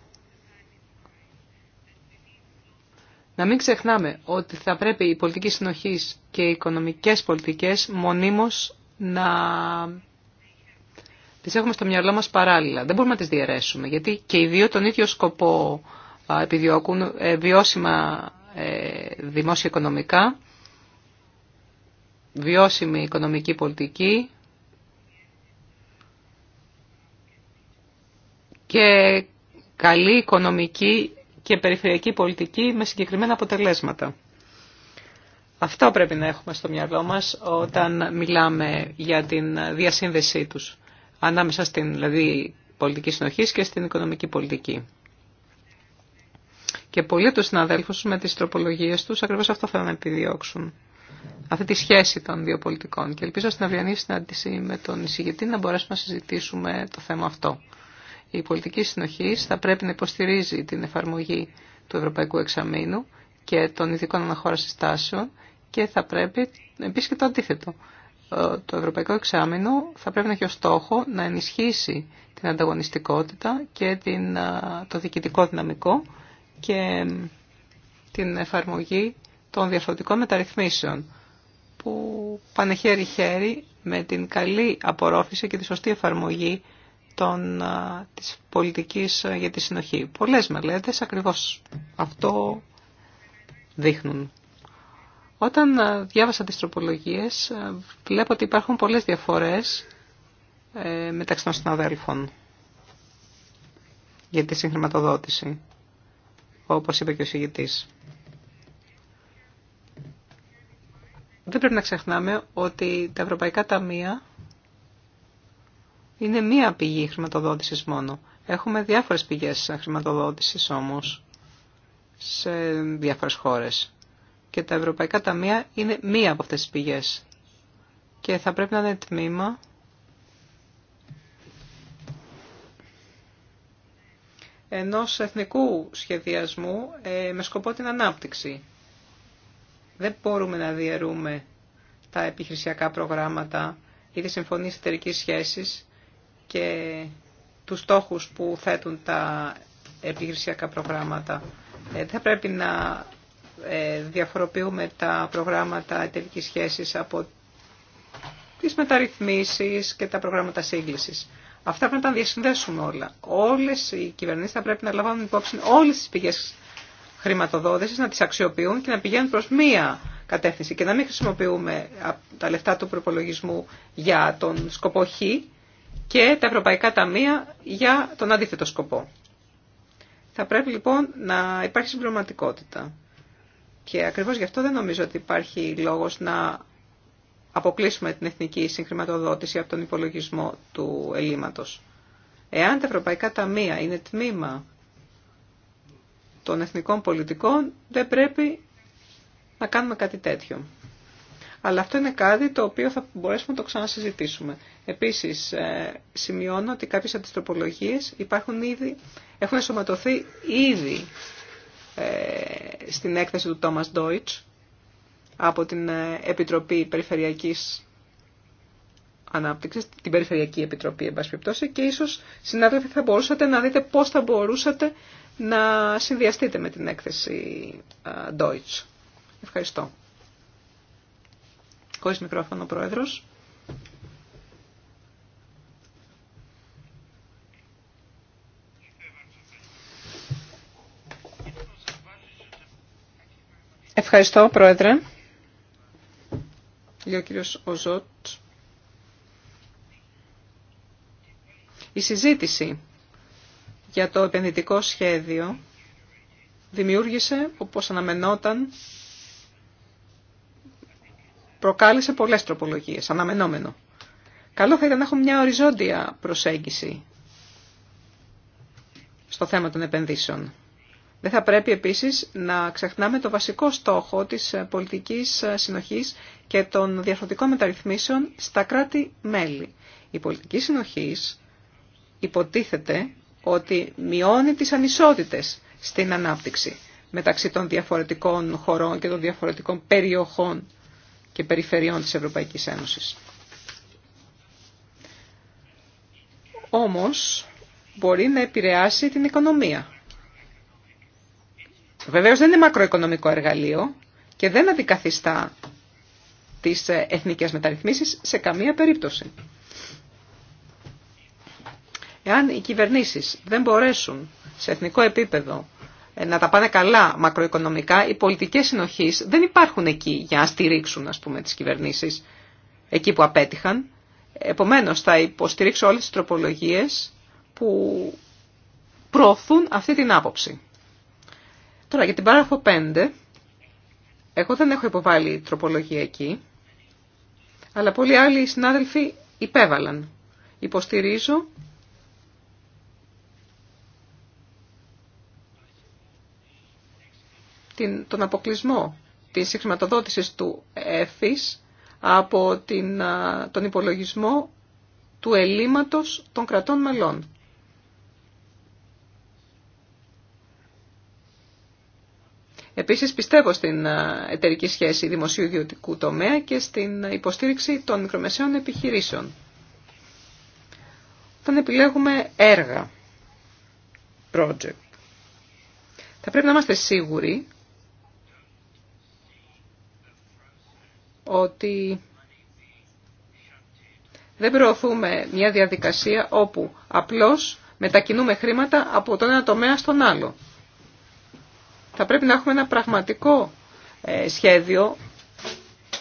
να μην ξεχνάμε ότι θα πρέπει η πολιτική συνοχής και οι οικονομικές πολιτικές μονίμως να τις έχουμε στο μυαλό μα παράλληλα. Δεν μπορούμε να τι διαιρέσουμε, γιατί και οι δύο τον ίδιο σκοπό επιδιώκουν ε, βιώσιμα ε, δημόσια οικονομικά, βιώσιμη οικονομική πολιτική και καλή οικονομική και περιφερειακή πολιτική με συγκεκριμένα αποτελέσματα. Αυτό πρέπει να έχουμε στο μυαλό μας όταν μιλάμε για την διασύνδεσή τους ανάμεσα στην δηλαδή, πολιτική συνοχή και στην οικονομική πολιτική. Και πολλοί από του συναδέλφου με τι τροπολογίε του ακριβώ αυτό θέλουν να επιδιώξουν. Αυτή τη σχέση των δύο πολιτικών. Και ελπίζω στην αυριανή συνάντηση με τον εισηγητή να μπορέσουμε να συζητήσουμε το θέμα αυτό. Η πολιτική συνοχή θα πρέπει να υποστηρίζει την εφαρμογή του Ευρωπαϊκού Εξαμήνου και των ειδικών αναχώρασης τάσεων και θα πρέπει επίση και το αντίθετο. Ε, το Ευρωπαϊκό Εξάμεινο θα πρέπει να έχει ως στόχο να ενισχύσει την ανταγωνιστικότητα και την, ε, το διοικητικό δυναμικό και την εφαρμογή των διαφορετικών μεταρρυθμίσεων που πάνε χέρι-χέρι με την καλή απορρόφηση και τη σωστή εφαρμογή των, ε, της πολιτικής για τη συνοχή. Πολλές μελέτες ακριβώς αυτό δείχνουν. Όταν ε, διάβασα τις τροπολογίες, ε, βλέπω ότι υπάρχουν πολλές διαφορές ε, μεταξύ των συναδέλφων για τη συγχρηματοδότηση, όπως είπε και ο συγητής. Δεν πρέπει να ξεχνάμε ότι τα ευρωπαϊκά ταμεία είναι μία πηγή χρηματοδότησης μόνο. Έχουμε διάφορες πηγές χρηματοδότησης όμως σε διάφορες χώρες και τα ευρωπαϊκά ταμεία είναι μία από αυτές τις πηγές και θα πρέπει να είναι τμήμα ενός εθνικού σχεδιασμού ε, με σκοπό την ανάπτυξη. Δεν μπορούμε να διαιρούμε τα επιχειρησιακά προγράμματα ή τη συμφωνία εταιρική σχέσης και τους στόχους που θέτουν τα επιχειρησιακά προγράμματα. Ε, θα πρέπει να ε, διαφοροποιούμε τα προγράμματα εταιρική σχέσης από τις μεταρρυθμίσεις και τα προγράμματα σύγκλησης. Αυτά πρέπει να τα διασυνδέσουμε όλα. Όλες οι κυβερνήσεις θα πρέπει να λαμβάνουν υπόψη όλες τις πηγές χρηματοδότησης, να τις αξιοποιούν και να πηγαίνουν προς μία κατεύθυνση και να μην χρησιμοποιούμε τα λεφτά του προπολογισμού για τον σκοπό Χ και τα ευρωπαϊκά ταμεία για τον αντίθετο σκοπό. Θα πρέπει λοιπόν να υπάρχει συμπληρωματικότητα. Και ακριβώς γι' αυτό δεν νομίζω ότι υπάρχει λόγος να αποκλείσουμε την εθνική συγχρηματοδότηση από τον υπολογισμό του ελλείμματος. Εάν τα ευρωπαϊκά ταμεία είναι τμήμα των εθνικών πολιτικών, δεν πρέπει να κάνουμε κάτι τέτοιο. Αλλά αυτό είναι κάτι το οποίο θα μπορέσουμε να το ξανασυζητήσουμε. Επίσης, ε, σημειώνω ότι κάποιες αντιστροπολογίες υπάρχουν ήδη, έχουν ενσωματωθεί ήδη ε, στην έκθεση του Τόμας Ντόιτς από την ε, Επιτροπή Περιφερειακής Ανάπτυξης, την Περιφερειακή Επιτροπή, εν και ίσως, συνάδελφοι, θα μπορούσατε να δείτε πώς θα μπορούσατε να συνδυαστείτε με την έκθεση ε, Deutsch. Ευχαριστώ. Χωρίς μικρόφωνο, Πρόεδρος. Ευχαριστώ, Πρόεδρε. Για κύριος Οζότ. Η συζήτηση για το επενδυτικό σχέδιο δημιούργησε, όπως αναμενόταν, προκάλεσε πολλές τροπολογίες, αναμενόμενο. Καλό θα ήταν να έχουμε μια οριζόντια προσέγγιση στο θέμα των επενδύσεων. Δεν θα πρέπει επίσης να ξεχνάμε το βασικό στόχο της πολιτικής συνοχής και των διαφορετικών μεταρρυθμίσεων στα κράτη-μέλη. Η πολιτική συνοχής υποτίθεται ότι μειώνει τις ανισότητες στην ανάπτυξη μεταξύ των διαφορετικών χωρών και των διαφορετικών περιοχών και περιφερειών της Ευρωπαϊκής Ένωσης. Όμως μπορεί να επηρεάσει την οικονομία Βεβαίως δεν είναι μακροοικονομικό εργαλείο και δεν αντικαθιστά τις ε, εθνικές μεταρρυθμίσεις σε καμία περίπτωση. Εάν οι κυβερνήσεις δεν μπορέσουν σε εθνικό επίπεδο ε, να τα πάνε καλά μακροοικονομικά, οι πολιτικές συνοχής δεν υπάρχουν εκεί για να στηρίξουν ας πούμε, τις κυβερνήσεις εκεί που απέτυχαν. Επομένως θα υποστηρίξω όλες τις τροπολογίες που προωθούν αυτή την άποψη. Τώρα για την παράγραφο 5, εγώ δεν έχω υποβάλει τροπολογία εκεί, αλλά πολλοί άλλοι συνάδελφοι υπέβαλαν. Υποστηρίζω την, τον αποκλεισμό της συγχρηματοδότησης του ΕΦΙΣ από την, τον υπολογισμό του ελλείμματος των κρατών μελών. Επίσης πιστεύω στην ε, εταιρική σχέση δημοσίου ιδιωτικού τομέα και στην υποστήριξη των μικρομεσαίων επιχειρήσεων. Όταν επιλέγουμε έργα, project, θα πρέπει να είμαστε σίγουροι ότι δεν προωθούμε μια διαδικασία όπου απλώς μετακινούμε χρήματα από τον ένα τομέα στον άλλο. Θα πρέπει να έχουμε ένα πραγματικό ε, σχέδιο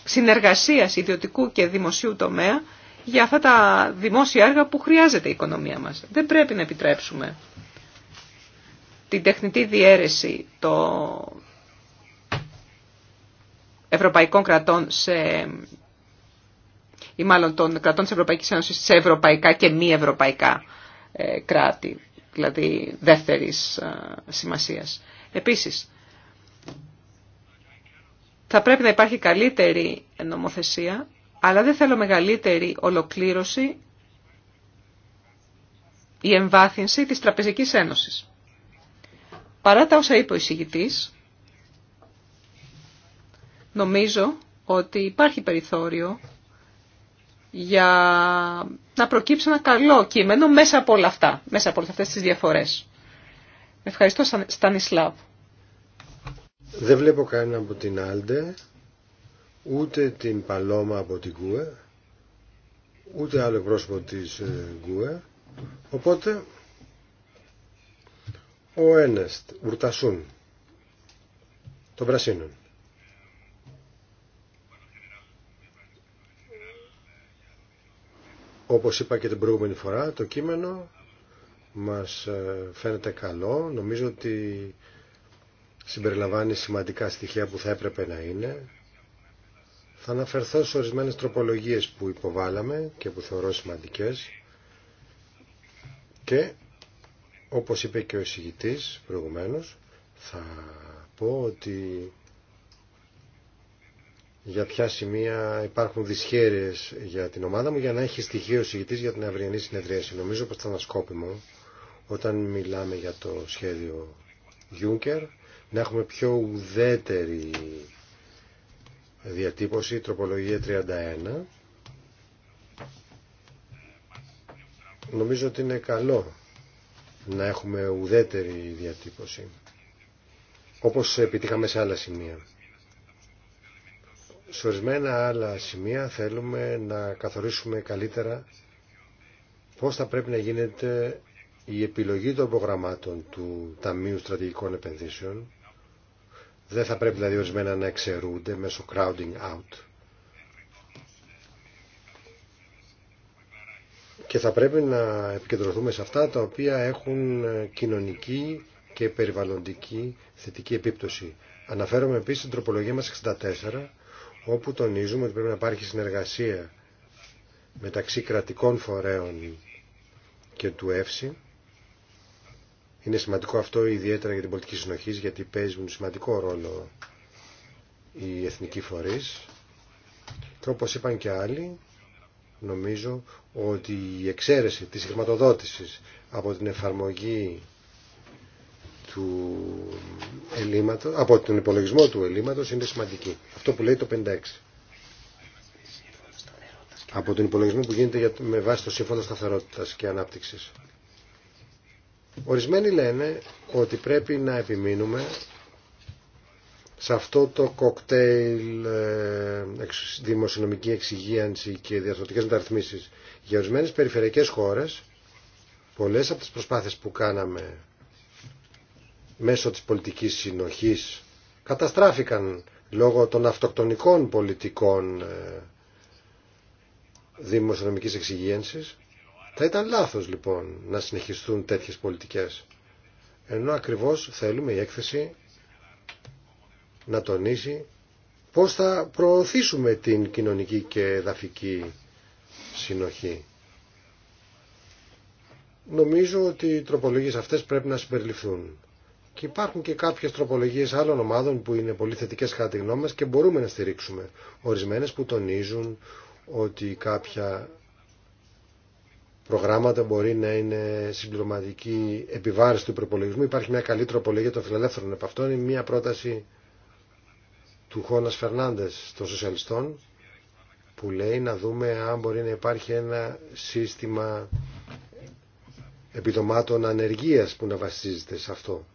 συνεργασίας ιδιωτικού και δημοσίου τομέα για αυτά τα δημόσια έργα που χρειάζεται η οικονομία μας. Δεν πρέπει να επιτρέψουμε την τεχνητή διαίρεση των ευρωπαϊκών κρατών σε ή μάλλον των κρατών της Ευρωπαϊκής Ένωσης σε ευρωπαϊκά και μη ευρωπαϊκά ε, κράτη, δηλαδή δεύτερης ε, σημασίας. Επίσης, θα πρέπει να υπάρχει καλύτερη νομοθεσία, αλλά δεν θέλω μεγαλύτερη ολοκλήρωση η εμβάθυνση της Τραπεζικής Ένωσης. Παρά τα όσα είπε ο εισηγητής, νομίζω ότι υπάρχει περιθώριο για να προκύψει ένα καλό κείμενο μέσα από όλα αυτά, μέσα από όλες αυτές τις διαφορές. Ευχαριστώ Στανισλάβ. Δεν βλέπω κανένα από την Άλντε, ούτε την Παλώμα από την Κούε, ούτε άλλο πρόσωπο της ε, Κούε. Οπότε, ο Ένεστ, Ουρτασούν, των Πρασίνων. Όπως είπα και την προηγούμενη φορά, το κείμενο μας ε, φαίνεται καλό. Νομίζω ότι συμπεριλαμβάνει σημαντικά στοιχεία που θα έπρεπε να είναι. Θα αναφερθώ σε ορισμένες τροπολογίες που υποβάλαμε και που θεωρώ σημαντικές και όπως είπε και ο εισηγητής προηγουμένως θα πω ότι για ποια σημεία υπάρχουν δυσχέρειες για την ομάδα μου για να έχει στοιχείο ο για την αυριανή συνεδρίαση. Νομίζω πως θα ήταν σκόπιμο όταν μιλάμε για το σχέδιο Juncker να έχουμε πιο ουδέτερη διατύπωση, τροπολογία 31. Νομίζω ότι είναι καλό να έχουμε ουδέτερη διατύπωση, όπως επιτύχαμε σε άλλα σημεία. Σε ορισμένα άλλα σημεία θέλουμε να καθορίσουμε καλύτερα πώς θα πρέπει να γίνεται η επιλογή των προγραμμάτων του Ταμείου Στρατηγικών Επενδύσεων δεν θα πρέπει δηλαδή ορισμένα να εξαιρούνται μέσω crowding out και θα πρέπει να επικεντρωθούμε σε αυτά τα οποία έχουν ε, κοινωνική και περιβαλλοντική θετική επίπτωση. Αναφέρομαι επίσης στην τροπολογία μας 64 όπου τονίζουμε ότι πρέπει να υπάρχει συνεργασία μεταξύ κρατικών φορέων και του ΕΦΣΥ είναι σημαντικό αυτό ιδιαίτερα για την πολιτική συνοχή γιατί παίζουν σημαντικό ρόλο οι εθνικοί φορείς και όπω είπαν και άλλοι νομίζω ότι η εξαίρεση της χρηματοδότηση από την εφαρμογή του ελλείμματος, από τον υπολογισμό του ελλείμματο είναι σημαντική. Αυτό που λέει το 56. Από τον υπολογισμό που γίνεται με βάση το σύμφωνο σταθερότητα και ανάπτυξη. Ορισμένοι λένε ότι πρέπει να επιμείνουμε σε αυτό το κοκτέιλ ε, δημοσιονομική εξυγίανση και διαστροτικές μεταρρυθμίσεις για ορισμένε περιφερειακές χώρες πολλές από τις προσπάθειες που κάναμε μέσω της πολιτικής συνοχής καταστράφηκαν λόγω των αυτοκτονικών πολιτικών ε, δημοσιονομικής εξυγίανσης θα ήταν λάθος λοιπόν να συνεχιστούν τέτοιες πολιτικές. Ενώ ακριβώς θέλουμε η έκθεση να τονίσει πώς θα προωθήσουμε την κοινωνική και εδαφική συνοχή. Νομίζω ότι οι τροπολογίες αυτές πρέπει να συμπεριληφθούν. Και υπάρχουν και κάποιες τροπολογίες άλλων ομάδων που είναι πολύ θετικέ κατά τη γνώμη μα και μπορούμε να στηρίξουμε. ορισμένε που τονίζουν ότι κάποια προγράμματα μπορεί να είναι συμπληρωματική επιβάρηση του προπολογισμού. Υπάρχει μια καλή τροπολογία των φιλελεύθερων επ' αυτό. Είναι μια πρόταση του Χώνας Φερνάντε, των σοσιαλιστών που λέει να δούμε αν μπορεί να υπάρχει ένα σύστημα επιδομάτων ανεργίας που να βασίζεται σε αυτό.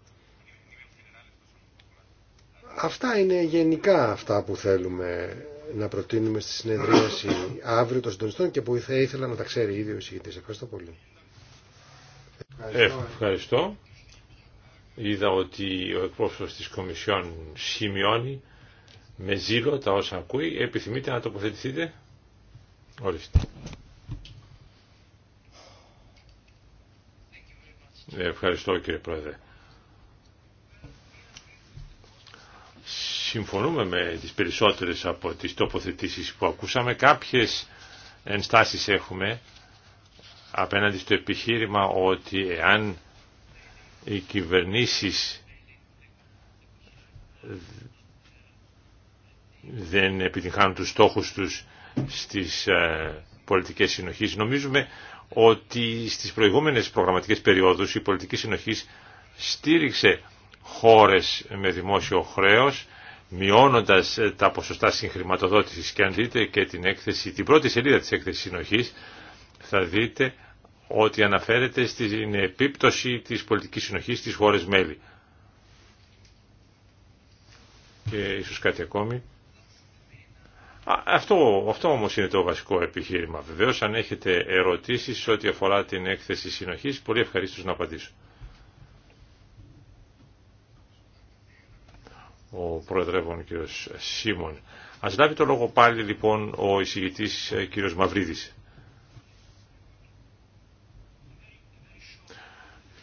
Αυτά είναι γενικά αυτά που θέλουμε να προτείνουμε στη συνεδρίαση αύριο των συντονιστών και που θα ήθελα να τα ξέρει ήδη ο εισηγητής. Ευχαριστώ πολύ. Ευχαριστώ. Είδα ότι ο εκπρόσωπος της Κομισιόν σημειώνει με ζήλο τα όσα ακούει. Επιθυμείτε να τοποθετηθείτε. Ορίστε. Ευχαριστώ κύριε Πρόεδρε. συμφωνούμε με τις περισσότερες από τις τοποθετήσεις που ακούσαμε. Κάποιες ενστάσεις έχουμε απέναντι στο επιχείρημα ότι εάν οι κυβερνήσεις δεν επιτυγχάνουν τους στόχους τους στις ε, πολιτικές συνοχής. Νομίζουμε ότι στις προηγούμενες προγραμματικές περιόδους η πολιτική συνοχής στήριξε χώρες με δημόσιο χρέος μειώνοντας ε, τα ποσοστά συγχρηματοδότησης και αν δείτε και την έκθεση, την πρώτη σελίδα της έκθεσης συνοχής θα δείτε ότι αναφέρεται στην επίπτωση της πολιτικής συνοχής στις χώρες μέλη. Και ίσως κάτι ακόμη. Αυτό, αυτό όμως είναι το βασικό επιχείρημα. Βεβαίως αν έχετε ερωτήσεις ό,τι αφορά την έκθεση συνοχής, πολύ ευχαρίστως να απαντήσω. ο Προεδρεύων κ. Σίμων. Ας λάβει το λόγο πάλι λοιπόν ο εισηγητής ε, κ. Μαυρίδης.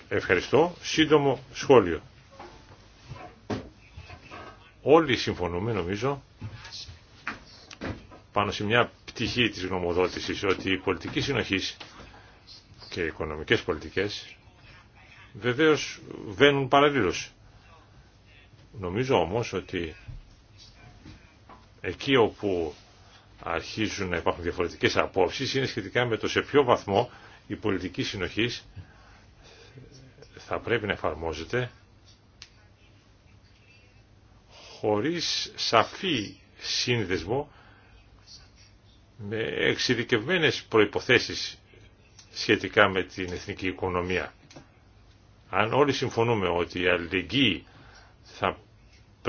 Ευχαριστώ. Σύντομο σχόλιο. Όλοι συμφωνούμε νομίζω πάνω σε μια πτυχή της γνωμοδότησης ότι οι πολιτική συνοχής και οι οικονομικές πολιτικές βεβαίως βαίνουν παραλλήλως. Νομίζω όμως ότι εκεί όπου αρχίζουν να υπάρχουν διαφορετικές απόψεις είναι σχετικά με το σε ποιο βαθμό η πολιτική συνοχής θα πρέπει να εφαρμόζεται χωρίς σαφή σύνδεσμο με εξειδικευμένες προϋποθέσεις σχετικά με την εθνική οικονομία. Αν όλοι συμφωνούμε ότι η αλληλεγγύη θα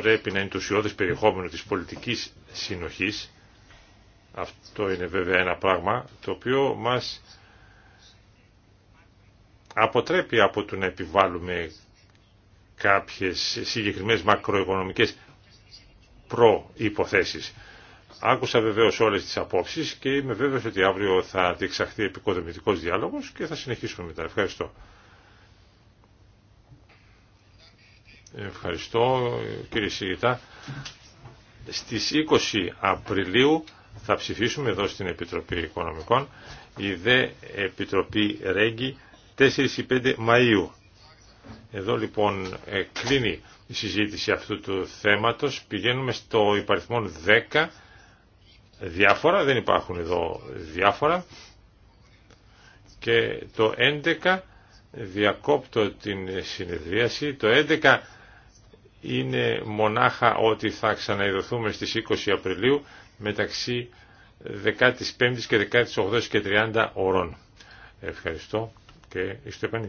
πρέπει να είναι το ουσιώδες περιεχόμενο της πολιτικής συνοχής. Αυτό είναι βέβαια ένα πράγμα το οποίο μας αποτρέπει από το να επιβάλλουμε κάποιες συγκεκριμένες μακροοικονομικές προϋποθέσεις. Άκουσα βεβαίω όλες τις απόψεις και είμαι βέβαιος ότι αύριο θα διεξαχθεί επικοδομητικός διάλογος και θα συνεχίσουμε μετά. Ευχαριστώ. Ευχαριστώ κύριε Σιγητά. Στις 20 Απριλίου θα ψηφίσουμε εδώ στην Επιτροπή Οικονομικών η ΔΕ Επιτροπή Ρέγγι 4 5 Μαΐου. Εδώ λοιπόν κλείνει η συζήτηση αυτού του θέματος. Πηγαίνουμε στο υπαριθμό 10 διάφορα, δεν υπάρχουν εδώ διάφορα. Και το 11 διακόπτω την συνεδρίαση. Το 11 είναι μονάχα ότι θα ξαναειδωθούμε στις 20 Απριλίου μεταξύ και 18 και 30 ώρων. Ευχαριστώ και είστε